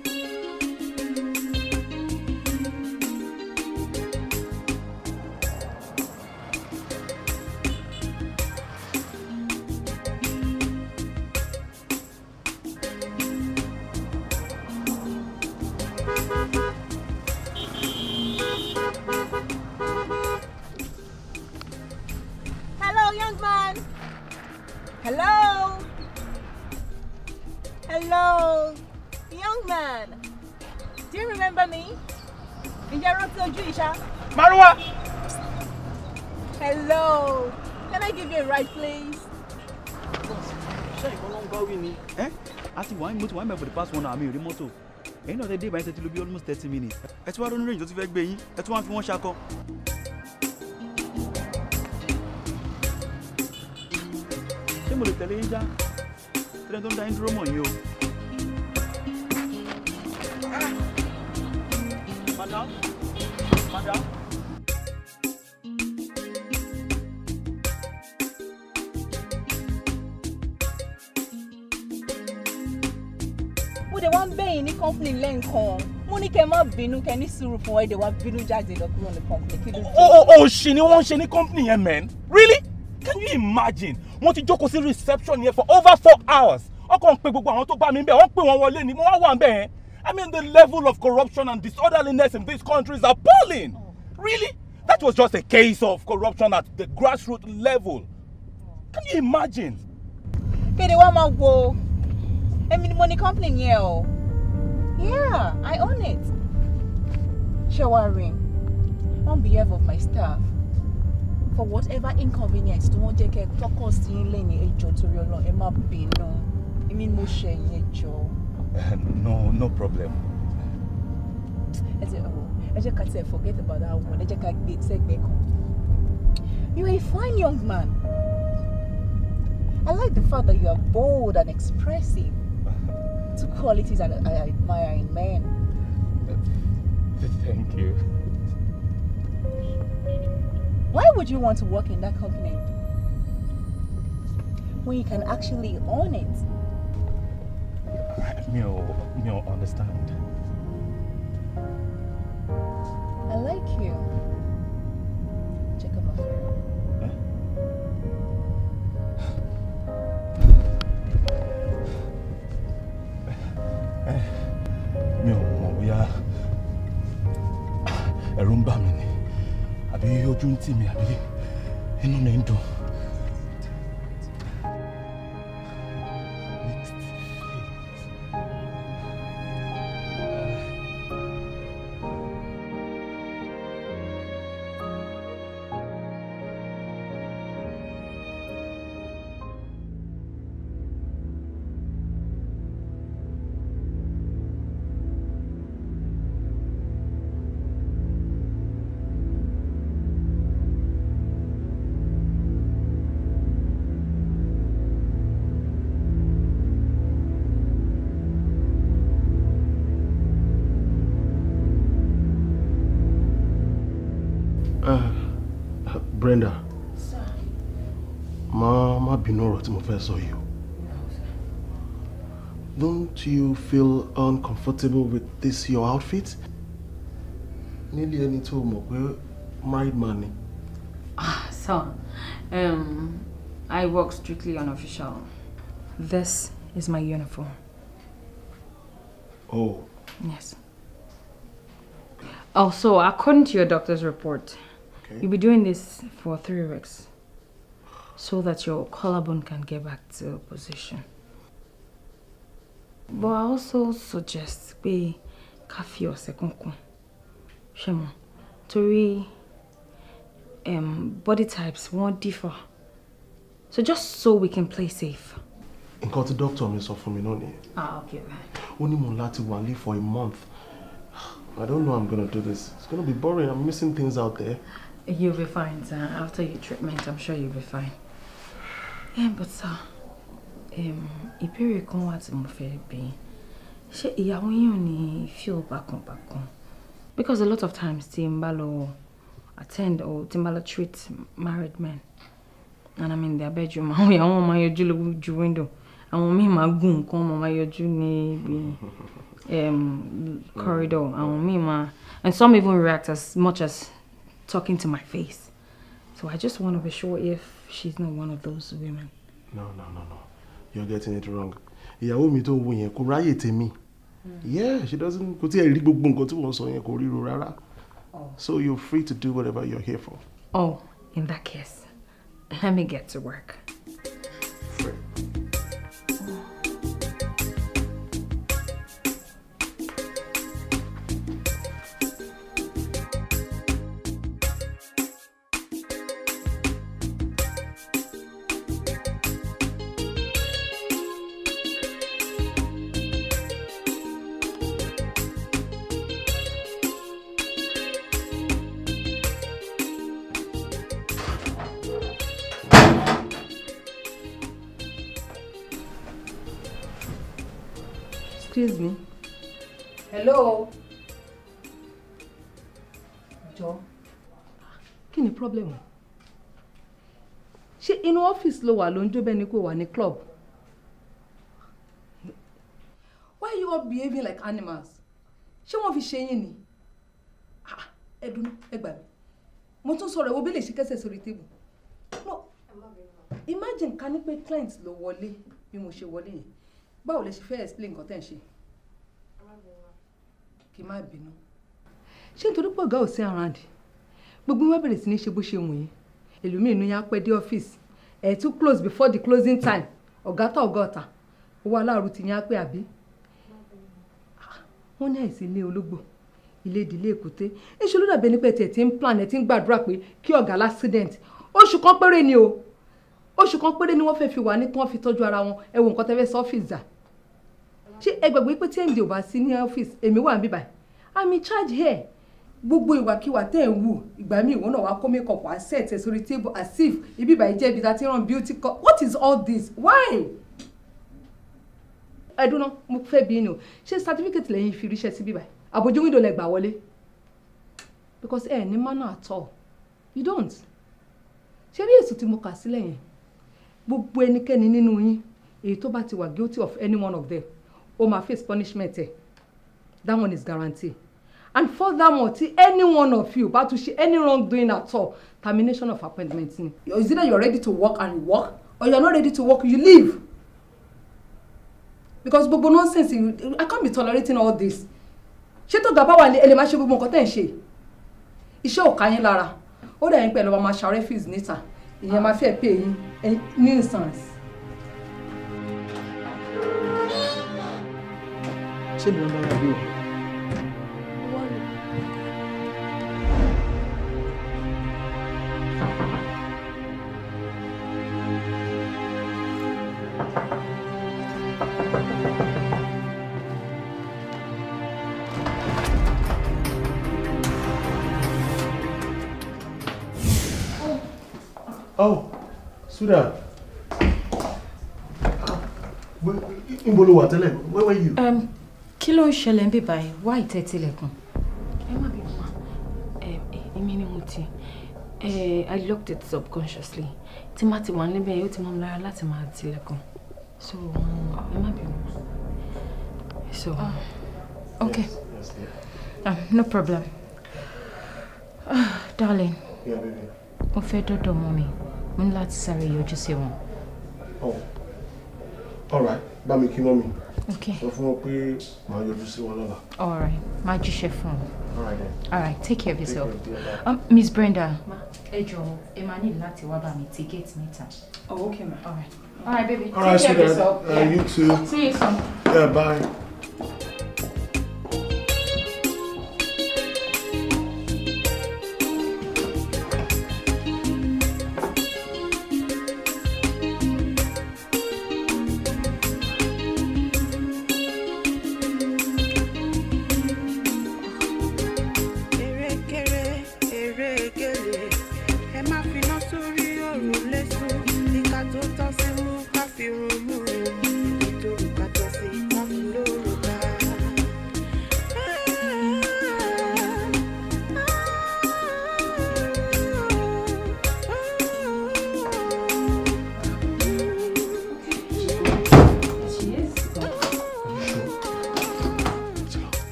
mi ò rí mọ́tò ẹ̀yin náà tẹ dé ìbáyìí tẹ́tí ló almost thirty minutes ẹ ti wá ronú rẹ́yìn tó ti fẹ́ gbé yín ẹ ti wá fi wọ́n ṣakọ. ṣé mo lè tẹ̀lé yín já tẹ́lẹ̀ tó ń da yín dúró mọ̀ yín o. lẹ́ǹkan mo ní kẹ́ má bínú kẹ́ ní sùúrù fún ẹ̀ dẹ̀ wá bínú jáde lọ kúrò ní company kí ló dé. òṣì ni wọ́n ṣe ní company yẹn mẹ́n really can you imagine wọ́n ti jókòó sí reception yẹn for over four hours ọkàn pé gbogbo àwọn tó bá mi ń bẹ̀ wọ́n pè wọ́n wọlé ni mo wá wà ń bẹ̀ yẹn eh? I mean the level of corruption and disorderliness in these countries are appalling really that was just a case of corruption at the grassroots level can you imagine. kéde wàá máa wo èmi ni mo ní company yẹn o. Yeah, I own it. Showering on behalf of my staff for whatever inconvenience tí wọ́n jẹ́ kẹ́ tọ́kọ̀ sí ilé ní ẹjọ́ torí ọlọ́run ẹ má bínú èmi mo ṣe ìyẹn jọ. no no problem. ẹ jẹ́ ọ̀rọ̀ ẹ forget about that one ẹ jẹ́ ká gbé sẹ́gbẹ́ kan. you are a fine young man. I like the fact that you are bold and expressive. to qualities I, I admire in men. Thank you. Why would you want to work in that company when you can actually own it? no, me understand. I like you. Eh, mi ò mọ̀ bóyá ẹ̀rù ń bà mí ni àbí ojú ń tì mí àbí inú mi ń dùn. Brenda má má bínú ọ̀rọ̀ tí mo fẹ́ sọ yìí don't you feel uncomfortable with this your outfit nílé ẹni tó mọ̀ pé married money. ah sir um, I work strictly unofficial this is my uniform. oh. yes. Also, according to your doctor's report, Okay. You'll be doing this for three weeks so that your collarbone can get back to position. But I also suggest we ká or ọṣẹ kankan shemo, mọ́ torí um, body types won't differ. So just so we can play safe. In case the doctor means sọ for me, náà Ah, okay Only Ó ní láti for a month. I don't know how I'm gonna do this. It's gonna be boring. I'm missing things out there. You'll be fine, sir. After your treatment, I'm sure you'll be fine. Yeah, um, but sir, um, ìbéèrè kan wà tí mo fẹ́ bi. Ṣé ìyàwó yín ò feel bákan bákan? Because a lot of times tí n attend or tí n treat married men and I'm in their bedroom, àwọn ìyàwó wọn máa yọjú lójú window. Àwọn míì máa gùn nǹkan, wọn máa yọjú níbi um, corridor. Àwọn míì máa and some even react as much as talking to my face. So I just want to be sure if she's not one of those women. No, no, no, no. You're getting it wrong. Yeah, mi tó wo yẹn kò ráyè tèmi. Hmm. Yeah, she doesn't kò tí ẹ rí gbogbo nǹkan tí wọ́n sọ yẹn kò ríro rárá. Oh. So you're free to do whatever you're here for. Oh, in that case, let me get to work. office ló wà ń jó bẹ́ẹ̀ ni wà ní club. why you all behaving like animals ṣé wọ́n fi ṣe yín ni ah, ẹ dunu ẹ gbà mí mo tún sọ̀rọ̀ ìwọ bí lè ṣe kẹ́sẹ̀ sórí tébù no imagine ká ní pé client ló wọlé bí mo ṣe wọlé yẹn báwo lè ṣe fẹ́ explain nǹkan tẹ́ ń ṣe kí n má bínú ṣé nítorí pé ọ̀gá ò sí àràǹdì gbogbo wọn bẹ̀rẹ̀ sí ní ṣe bó ṣe wù yín èlòmíì inú yá pẹ́ dé ọ́fíìsì ẹ̀ eh, tún close before the closing time ọ̀gá tó ọ̀gá ọ̀tà owó aláàrú ti yàn á pé àbí. Ah, wọ́n ní àìsí ilé ológbò ilé ìdílé èkúté èṣù ló dàbí ẹni pé tiẹ̀ ti ń plan ẹ̀ ti ń gbàdúrà pé kí ọ̀gá l'accident oṣù kan péré ni o oṣù kan péré ni wọ́n fẹ́ fi wà ní tí wọ́n fi tọ́jú ara wọn ẹ wo nǹkan tẹ́ fẹ́ sọ ọ́fíìsì dà ṣé ẹ pé tí ò bá sí ní ọ́fíìsì èmi wà ń bíbà i'm in charge here gbogbo ìwàkiwà tẹ̀ ń wù ìgbà míì ìwọ náà wàá kó makeup wàá set sórí table as ibi ìbàyí jẹ́ ibi tá ti ràn beauty what is all this why. ẹdùnà mo fẹ́ bí inú ṣé certificate lẹ́yìn fi ríṣẹ́ sí bíbá àbójú wíńdò lẹ wọlé because ẹ ní manner at all you don't ṣé rí èsù tí mo kà sílẹ̀ yẹn gbogbo ẹnikẹ́ni nínú yín èyí tó bá ti wà guilty of any one of them ó máa face punishment ẹ̀ that one is guarantee and furthermore tí any one of you bá to ṣe any wrong doing at all termination of appointment ni. is it that you are ready to work and work or you are not ready to work you leave because gbogbo nonsense you, I can't be tolerating all this ṣé tó gàba wà ní ẹ lè má ṣe gbogbo nǹkan tẹ̀ ń ṣe iṣẹ́ ò ká yín lára ó dà yín pẹ̀lú ọmọ aṣọ refuse níta ìyẹn máa fẹ́ pè yín ní instance. ṣé mi ń bá wà bí o. Oh, Suda. Níbo lo wà Where were you? Um, kilo ló ń ṣẹlẹ̀ why te báyìí? Wá ìtẹ́ tilẹ̀kùn. Ẹ má bí wá. Um, èmi ni mo ti. I locked it subconsciously. Tí má ti wà níbẹ̀ yóò ti mọ́ mi So, ẹ má bí So, ah, okay. Yes, yes, yeah. um, no problem. Uh, darling. Yeah, baby wọ́n fẹ́ dọ́dọ̀ mọ́ mi mo ní láti sáré yọjú sí wọn. ọ̀rá oh. bá mi kí mọ́ mi sọ fún wọn pé màá yọjú sí wọn lọ́la. ọ̀rá máa jíṣẹ́ fún wọn. all right take care of yourself. Um, Miss Brenda. ẹ jọ̀wọ́ ẹ máa ní láti wá bá mi tí gate níta. oh okay ma. all right all right baby all right, care of yourself. Uh, yeah. you too. see you soon. yeah bye.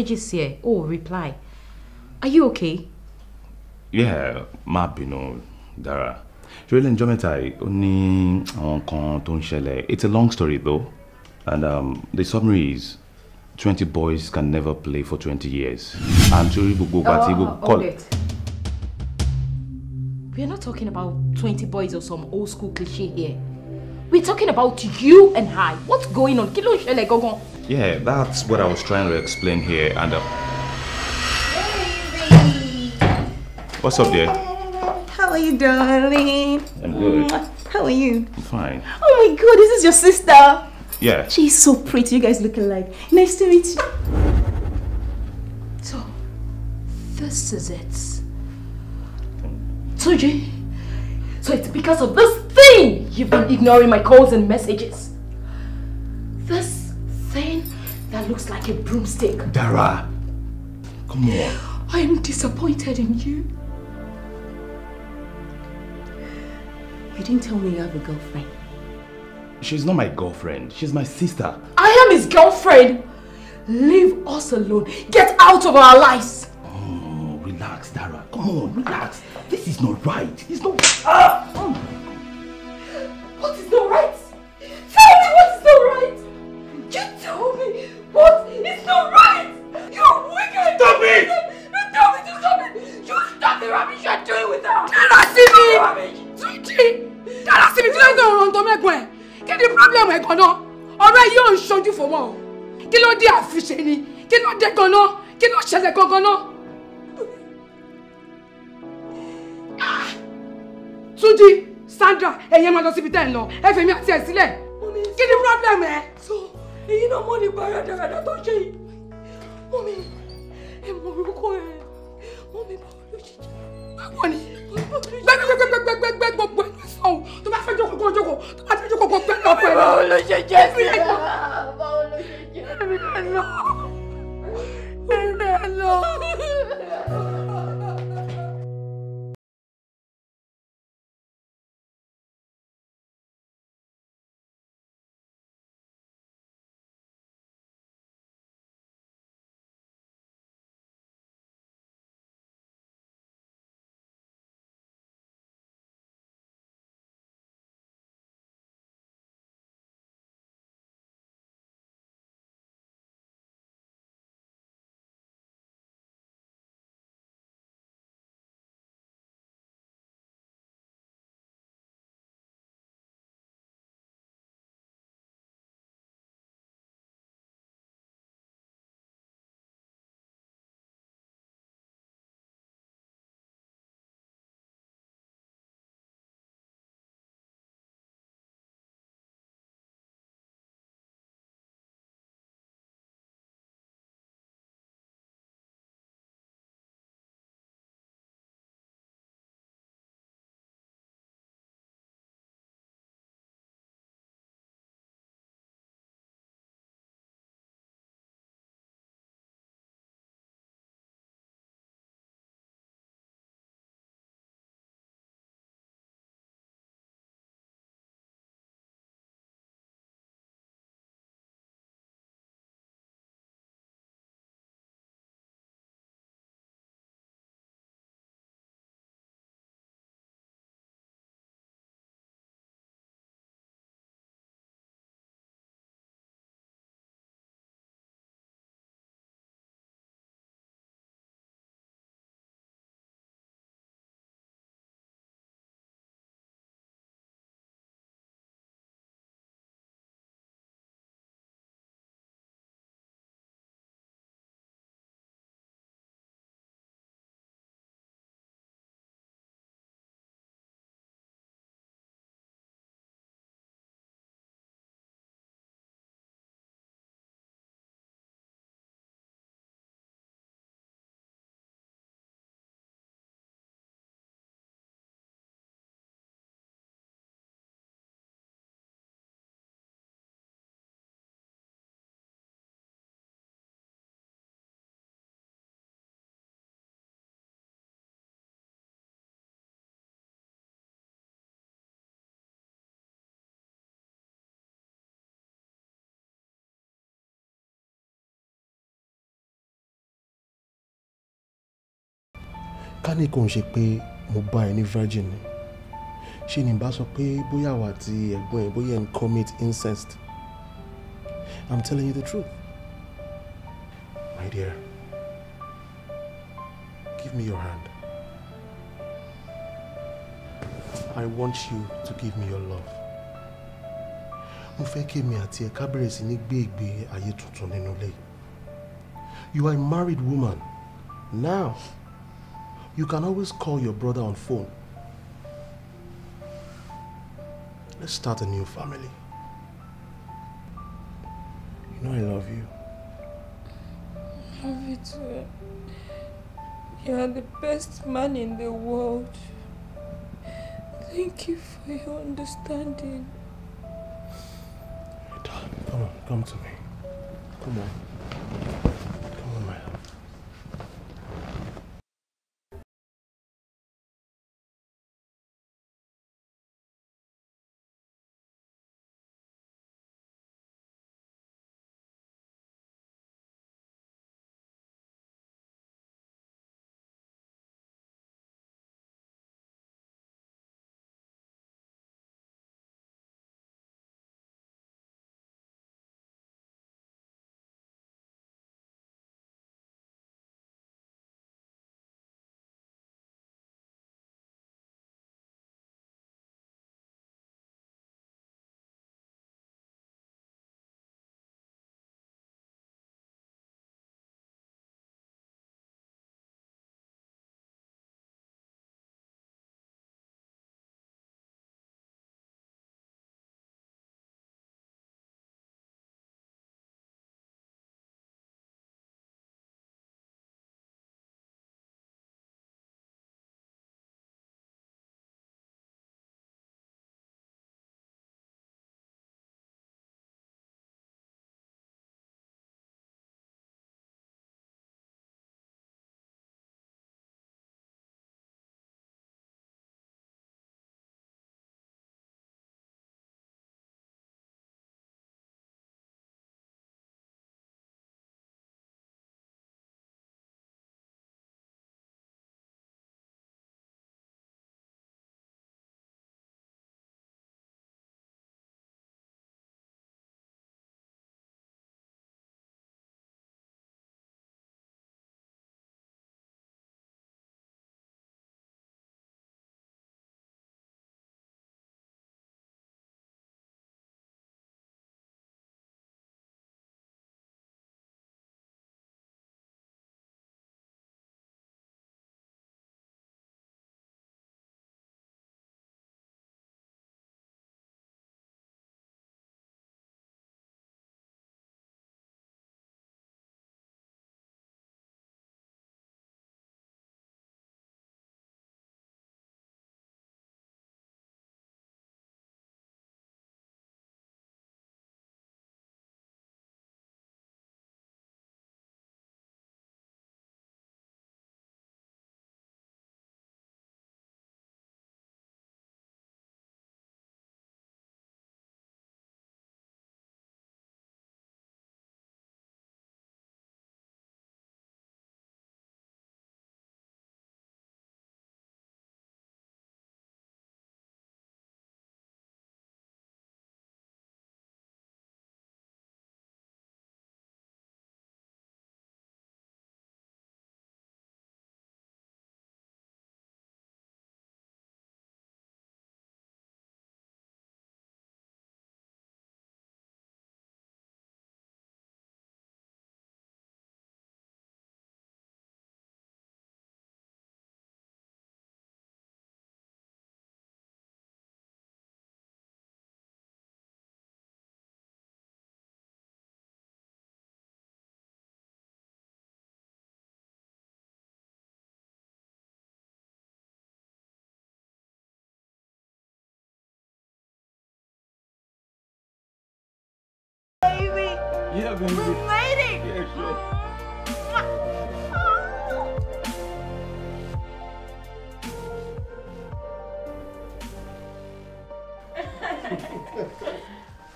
messages here o oh, reply are you okay. yeah má bínú Dara Really, enjoy jọ́mẹ́ta I only ní àwọn nǹkan tó it's a long story though and um, the summary is twenty boys can never play for twenty years and torí gbogbo ìgbà will call it. We are not talking about 20 boys or some old school cliche here. We're talking about you and I. What's going on? Kí ló ń ṣẹlẹ̀ gangan? Yeah, that's what I was trying to explain here, and uh, What's up, dear? How are you, darling? I'm good. How are you? I'm fine. Oh my god, this is your sister. Yeah. She's so pretty. You guys look alike. Nice to meet you. So, this is it. Suji, so it's because of this thing you've been ignoring my calls and messages. looks like a broomstick. Dara, come on. I am disappointed in you. You didn't tell me you have a girlfriend. She's not my girlfriend. She's my sister. I am his girlfriend. Leave us alone. Get out of our lives. Oh, relax, Dara. Come on, oh, relax. This is not right. It's not... Ah! ah! What is not right? Tell me But it's not right! You're wicked! Stop it! No, tell me to stop it! You stop the rubbish you're doing with her! Dara sí mi! Túnjí! Dara sí mi tí lóyún tó ń ran tọ́mọ ẹ̀gbọ́n ẹ̀. Kí ni problem ẹ̀ gan-an? Ọ̀rọ̀ yìí ò ń me. fún wọn o. Kí ló dé àfiṣe ni? Kí ló dé gan-an? Kí ló ṣẹlẹ̀ gan-an? Ah! Túnjí, Sandra, ẹ̀yin ẹ̀ máa lọ síbi tẹ́ and ń lọ. Ẹ fèmí àti ẹ̀ sílẹ̀. Kí ni problem ẹ̀? èyí náà mọ̀ nípa rádaràdà tó ṣe yìí mọ́mí ẹ mọ orúkọ ẹ mọ́mí báwo ló ṣe báwo ni gbẹgbẹgbẹgbẹgbẹgbẹ gbogbo ẹ sọ o tó bá fẹ́ jókòó kó jókòó tó bá fẹ́ jókòó kó pẹ́ lọ́pọ̀ ẹ. báwo ló ṣe jẹ́ sí i báwo ló ṣe jẹ́ sí i. ẹ lọ ẹ lọ. ká ní kò ń ṣe pé mo bá ẹ ní virgin ni ṣé ni bá sọ pé bóyá àwa àti ẹ̀gbọ́n ẹ̀ bóyá ń commit incest I'm telling you the truth my dear give me your hand I want you to give me your love mo fẹ́ kí èmi àti ẹ̀ ká bẹ̀rẹ̀ sí ní gbé ayé tuntun nínú ilé you are a married woman now. You can always call your brother on phone. Let's start a new family. You know I love you. I love you too. You are the best man in the world. Thank you for your understanding. Come on, come to me. Come on. Yeah, baby. We made it. Yeah, sure.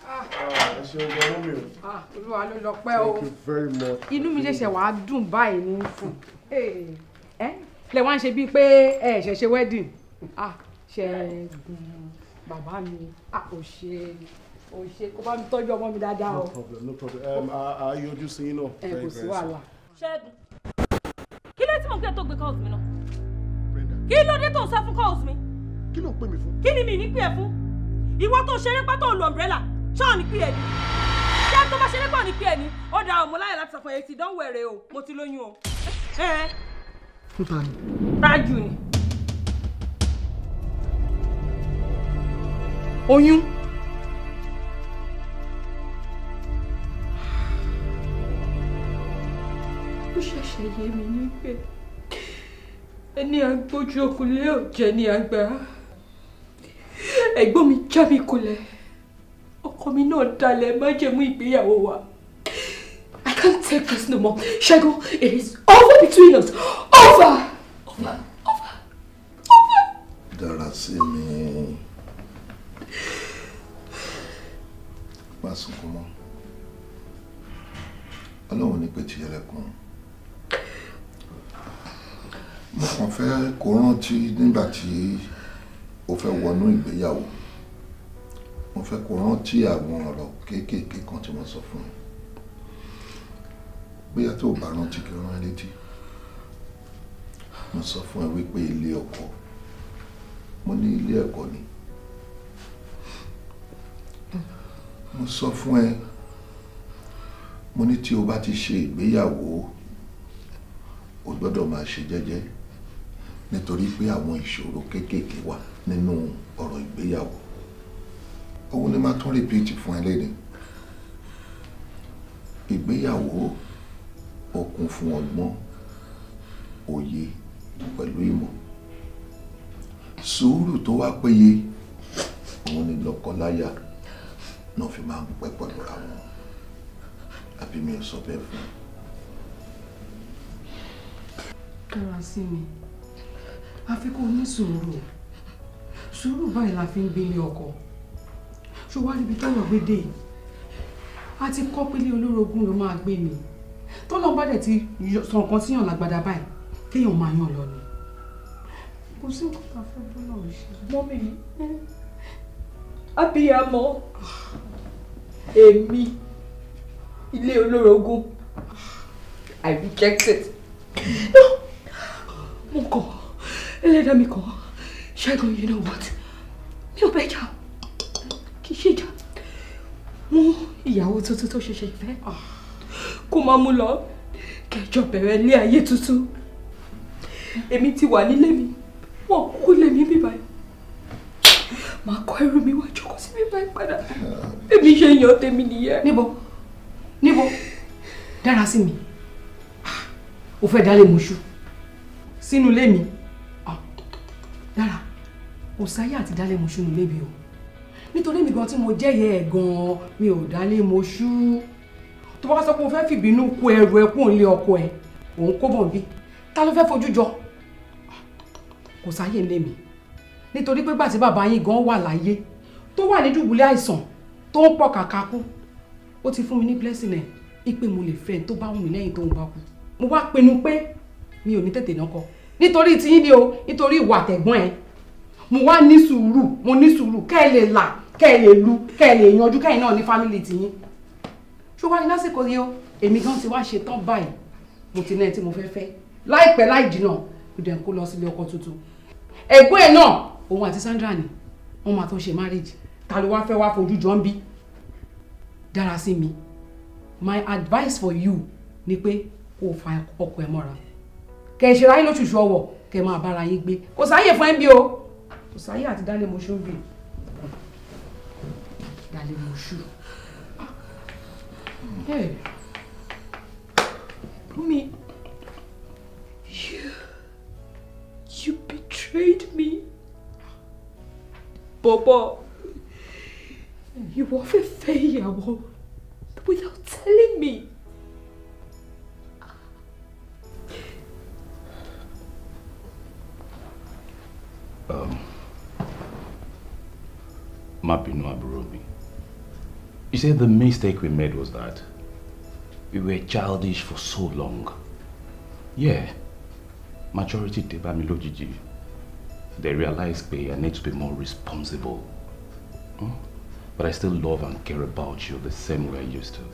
Ah, ah, olúwa ló lọ pẹ́ o inú mi ṣẹ̀ṣẹ̀ wàá dùn báyìí ní fún ẹ lẹ wá ń ṣe bíi pé ẹ ṣẹ̀ṣẹ̀ wedding ah, ṣẹ́gun bàbá mi àkọ́ṣe o ṣe kó bá mi tọ́jú ọmọ mi dáadáa o. no problem no problem um, ayé ojú sí yín náà. ẹ kò sí wàhálà. ṣẹ́gun kí ló tí mo gbé tó gbé calls mi náà kí ló dé tó ń sá fún calls mi. kí ló ń pè mí fún. kí ni mi ní pè é fún ìwọ tó ṣeré pátó lu umbrella ṣáà ní pè é ni ṣé tó bá ṣeré pọ̀ ní pè é ni ó da ọmọ láyà láti sàfọyẹ ti dánwò ẹ̀rẹ̀ o mo ti lóyún o. fún ta ni. tájù ni. oyún. ṣe yé mi ní pé ẹni agbójú ọkùnrin ò jẹ́ ní àgbà ẹ̀gbọ́n mi já mi kulẹ̀ ọkọ mi náà dalẹ̀ májẹ̀mú ìgbéyàwó wa I can't take this no more Ṣẹ́gun it is over between us over over over over. dára sí mi má sunkún mọ́ ọlọ́run ní pé tìyẹ́lẹ̀kùn mo kàn fẹ́ kó rántí nígbà tí o fẹ́ wọnú ìgbéyàwó mo fẹ́ kó rántí àwọn ọ̀rọ̀ kéékèèké kan tí wọ́n sọ fún un bóyá tó o bá rántí kí o rán létí mo sọ fún ẹ wípé ilé ọkọ mo ní ilé ẹ̀kọ́ ni mo sọ fún ẹ mo ní tí o bá ti ṣe ìgbéyàwó o gbọ́dọ̀ máa ṣe jẹ́jẹ́ nítorí pé àwọn ìṣòro kéékèèké wà nínú ọ̀rọ̀ ìgbéyàwó òun ni máa tún repeat fún ẹlẹ́dẹ̀ ìgbéyàwó ó kún fún ọgbọ́n òye pẹ̀lú ìmọ̀ sùúrù tó wá péye òun ni lọ́kọláya náà fi máa ń pẹ́ pẹ̀lú ra wọn àbí mi ò sọ bẹ́ẹ̀ fún un. kí wọ́n á sí mi àfi kó ní sùúrù sùúrù báyìí la fi ń gbélé ọkọ ṣùgbọ́n ibi tọ́yọ̀ gbé dé a ti kọ́ pélé olórogún ló máa gbé ni tọ́lọ́ bá dẹ̀ ti sọ nǹkan síyàn lágbádá báyìí kéèyàn máa yàn lọ ni kò sí nǹkan tá a fẹ́ bọ́lá ò ṣe. mọ́mì abiyamọ èmi ilé olórogún i rejected. mo kàn ẹlẹ́dàá mi kọ́ ṣẹ́gun you know what mi ò bẹ́ẹ̀ jà kì í ṣe ìjà mú ìyàwó tuntun tó ṣẹ̀ṣẹ̀ fẹ́ kó máa mú lọ kẹjọ bẹ̀rẹ̀ ilé ayé tuntun èmi ti wà nílé mi wọn kú lé mi bíbá yìí màá kọ ẹrù mi wá jókòó sí bíbá yìí padà èmi ṣe yan tèmi nìyẹn. níbo níbo dára sí mi ò ah, fẹ́ dálé mọ́ṣú sínú ilé mi kò sáyà àti dálé mo ṣú mi lébi o nítorí mi gan tí mo jẹ́yẹ ẹ̀ gan mi ò dálé mo ṣú tó bá sọ pé o fẹ́ fìbínú kó ẹrù ẹ kúrò nílé ọkọ ẹ òun kó bọ̀ bí ta ló fẹ́ fojú jọ kò sáyè ń lé mi nítorí pé gbàtí bàbá yín gan wà láyé tó wà ní dùbúlẹ̀ àìsàn tó ń pọ̀ kàkà kú ó ti fún mi ní blessing ẹ̀ ipe mo lè fẹ́ tó bá wù mí lẹ́yìn tó ń bá kú mo wá pinnu pé mi ò ní tètè náà nítorí tiyín ni o nítorí ìwà àtẹ̀gbọ́n ẹ̀ mo wá ní sùúrù mo ní sùúrù kẹ́ ẹ lè là kẹ́ ẹ lè lu kẹ́ ẹ lè yanjú kẹ́yìn náà ní fámìlì tiyín ṣùgbọ́n ní lásìkò yìí o èmi gan ti wá ṣe tán báyìí mo ti náà tí mo fẹ́ fẹ́ láìpẹ́ láì jìnnà kò dẹ̀ ń kó lọ sílé ọkọ tuntun ẹ̀gbọ́n ẹ̀ náà òun àti Sandra ni wọ́n máa tó ṣe marriage ta ló wá fẹ́ wá fojú jọ ń bí dára sí mi my advice for you ni pé kó o fa ọkọ ẹ mọ́ra kẹ̀ ẹ̀ ṣe ráyè lóṣooṣù ọwọ́ kẹ̀ ẹ máa bára yín gbé kò sáàyè fún ẹ bí o kò sáyé àti dálé mọṣú ń bì dálé mọṣú. Ah. Bumi, you, you betrayed me. Bọ̀bọ̀, ìwọ fẹ́ fẹ́ ìyàwó without telling me. um, Mabinu Aburobi. You see, the mistake we made was that we were childish for so long. Yeah, majority deba mi lójijì. They realized they I need to be more responsible. Hmm? But I still love and care about you the same way I used to.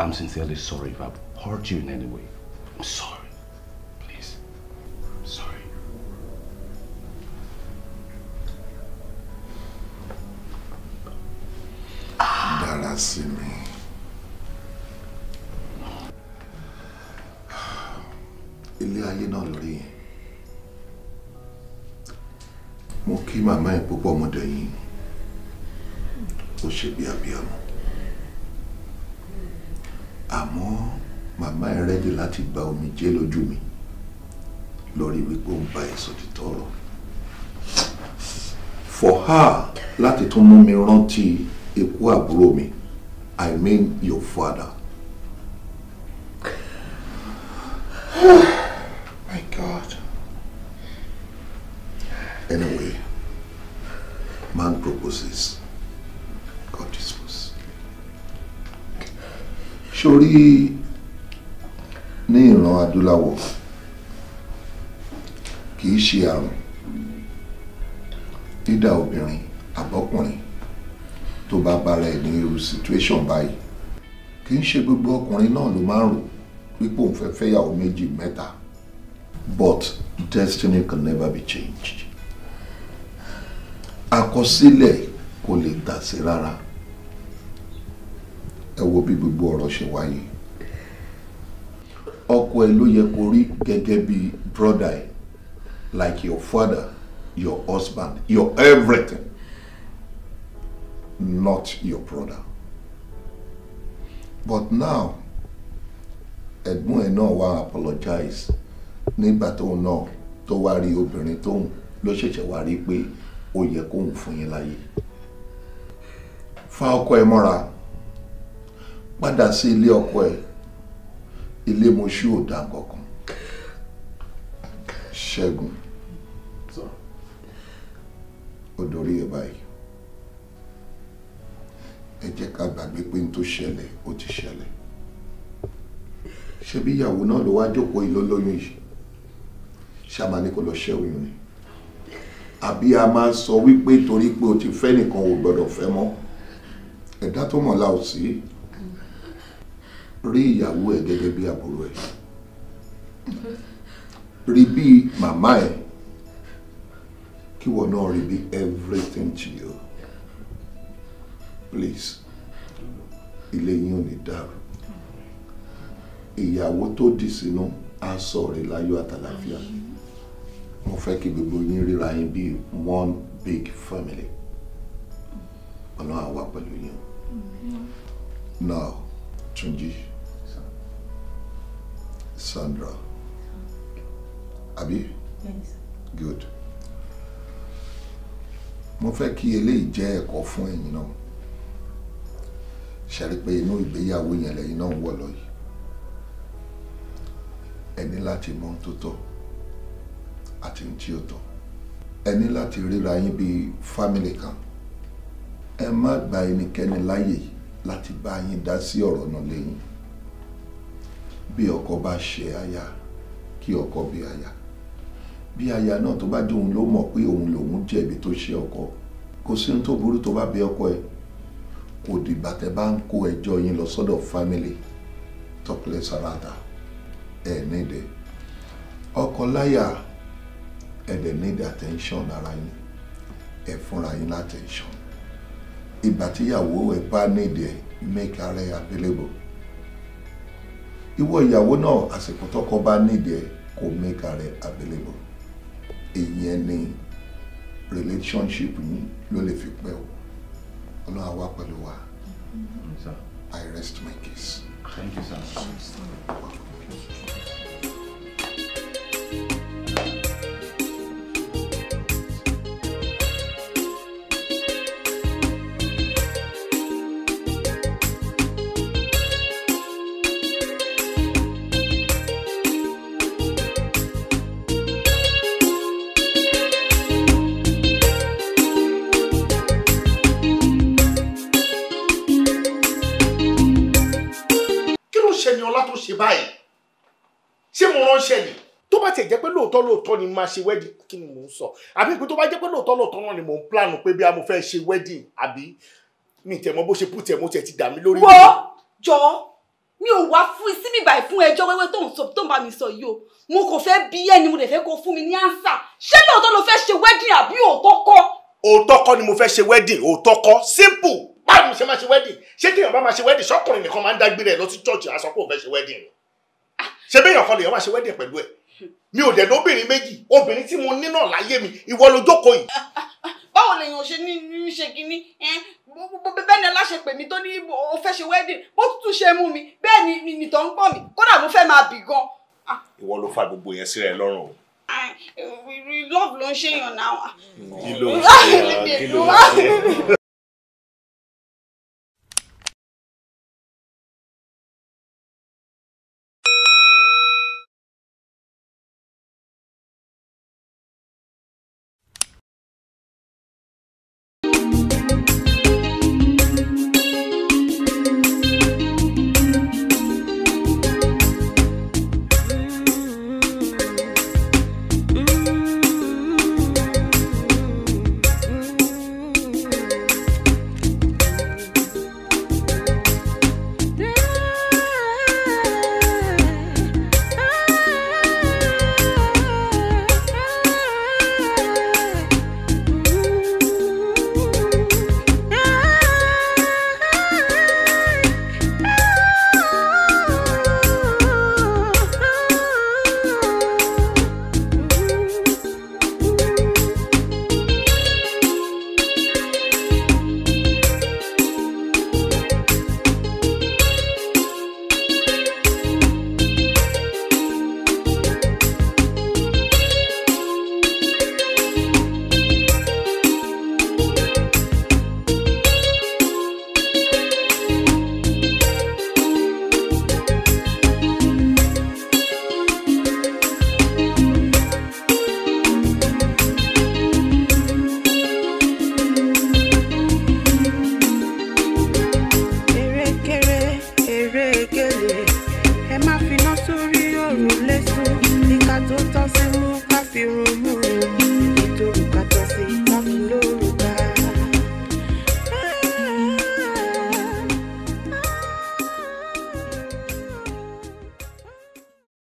I'm sincerely sorry if I've hurt you in any way. I'm sorry. dára sí mi. ilé ayé náà lórí yẹn mo kí màmá ẹ púpọ̀ ọmọdé yìí ó ṣe bí abiyamọ àmọ́ màmá ẹ rẹ́dí láti gba omijé lójú mi lórí wípé ó ń ba ẹ̀sọ́ ti tọrọ for her láti tún mú mi rántí ikú àbúrò mi i mean your father. my god. anyway man proposes god disposes. sórí ní ìran adúláwọ̀ kì í ṣe àrùn dídà obìnrin àbọ́kùnrin tó bá bára ẹ̀ ní irú situation báyìí kì í ṣe gbogbo ọkùnrin náà ló máa ń rò pípò ń fẹ́ fẹ́yàwó méjì mẹ́ta but destiny can never be changed àkọsílẹ̀ kò lè tàsé rárá ẹ wo bí gbogbo ọ̀rọ̀ ṣe wáyé ọkọ ẹ ló yẹ kó rí gẹ́gẹ́ bí brother like your father your husband your everything not your brother. But now, ẹ̀gbọ́n ẹ̀ náà wá apologize nígbà tóun náà tó wá rí obìnrin tóun ló ṣẹ̀ṣẹ̀ wá rí pé ó yẹ kóun fún yín láyè. fa ọkọ ẹ mọ́ra padà sí ilé ọkọ ẹ ilé mọṣú ò dá kankan ṣẹ́gun ó dorí báyìí ẹ jẹ́ ká gbàgbé pé n tó ṣẹlẹ̀ ó ti ṣẹlẹ̀ ṣebí ìyàwó náà ló wá jókòó ìlọ́lọ́yún yìí ṣàmà ní kò lọ ṣẹ́ oyún ni àbí a máa sọ wípé torí pé o ti fẹ́ nìkan ò gbọ́dọ̀ fẹ́ mọ́ ẹ̀dá tó mọ̀ la ò sí rí ìyàwó ẹ̀ gẹ́gẹ́ bí àbúrò ẹ̀ rí bí màmá ẹ̀ kí wọ́n náà rí bí everything to you please ilé yín ò ní dàrú ìyàwó tó dì sínú á sọ rè láyọ̀ àtàlàfíà mo fẹ́ kí gbogbo yín ríra yín bíi one big family ọlọ́run àwa pẹ̀lú yín now Túnjí Sandra Abi. good mo fẹ́ kí eléyìí jẹ́ ẹ̀kọ́ fún ẹ̀yin náà ṣe rí pé inú ìgbéyàwó yẹn lẹ́yìn náà ń wọ̀ lọ yìí ẹ ní láti mọ ohun tó tọ́ àti ohun tí ó tọ́ ẹ ní láti ríra yín bíi fámìlì kan ẹ má gba ẹnikẹ́ni láàyè láti bá yín dá sí ọ̀rọ̀ náà lẹ́yìn bí ọkọ bá ṣe aya kí ọkọ bí aya bí aya náà tó bá dé òun ló mọ̀ pé òun lòun jẹ̀bi tó ṣe ọkọ kò sí ohun tó burú tó bá bí ọkọ ẹ̀ kò dìgbà tẹ bá ń kó ẹjọ́ yín lọ sọ́dọ̀ fámìlì tọpẹ́lẹ́ sàràtà ẹ̀ nídẹ̀ ọkọ láyà ẹ̀ dẹ̀ nídẹ̀ attention ara yín ẹ̀ fúnra yín látẹ̀ńṣọ̀n ìgbà tíyàwó ẹ̀ bá nídẹ̀ make ara ẹ̀ available ìwọ ìyàwó náà àsìkò tọkọ bá nídẹ̀ kò make ara ẹ̀ available ìyẹn ni relationship yín ló lè fi pẹ́ o. Ọlọ́run á wà pẹ̀lú wa. Mm-hmm. Mm-hmm. I rest my case. Thank you, sir. lóòótọ́ lóòótọ́ ni máa ṣe wedding kí ni mò ń sọ àbí ìpín tó bá jẹ́ pé lóòótọ́ lóòótọ́ náà ni mò ń plan pé bí a mo fẹ́ ṣe wedding àbí mi tẹ̀ mọ́ bó ṣe put ẹ̀ mo tẹ̀ ti dà mí lórí. wọ́ọ́ jọ mi ò wá fún síbí báyìí fún ẹjọ́ wẹ́wẹ́ tó ń sọ tó ń bá mi sọ yìí o mo kò fẹ́ bí ẹni mo lè fẹ́ kó fún mi ní ánsà ṣé lóòótọ́ ló fẹ́ ṣe wedding àbí òótọ́ kọ́. òótọ́ kọ́ ni mo fẹ́ ṣe wedding òótọ́ kọ́ simple báwo ṣe máa ṣe wedding ṣé téèyàn bá máa ṣe wedding ṣọkùnrin nìkan máa ń dágbére ẹ lọ sí church àsọpọ̀ òfẹ́ ṣe wedding ah. ṣé béèyàn kan lèèyàn máa ṣe wedding pẹ̀lú ẹ̀ mi ò dẹ̀ lóbìnrin méjì obìnrin tí mo ní náà láyé mi ìwọ ló jókòó yìí. báwo lèèyàn ṣe ní ní ṣe kínní bẹ́ẹ̀ ni aláṣẹ pè mí tó ní o fẹ́ ṣe wedding bó tún ṣe mú mi bẹ́ẹ̀ ni nìtọ́ ń pọ̀ mí kódà mo fẹ́ máa bì gan. Ah. ìwọ ló fa gbogbo yẹn síra ẹ lọ́rùn o. Eh, love ló ń ṣèyàn náà. kí ló ń ah. ṣe kí ló ń ṣe.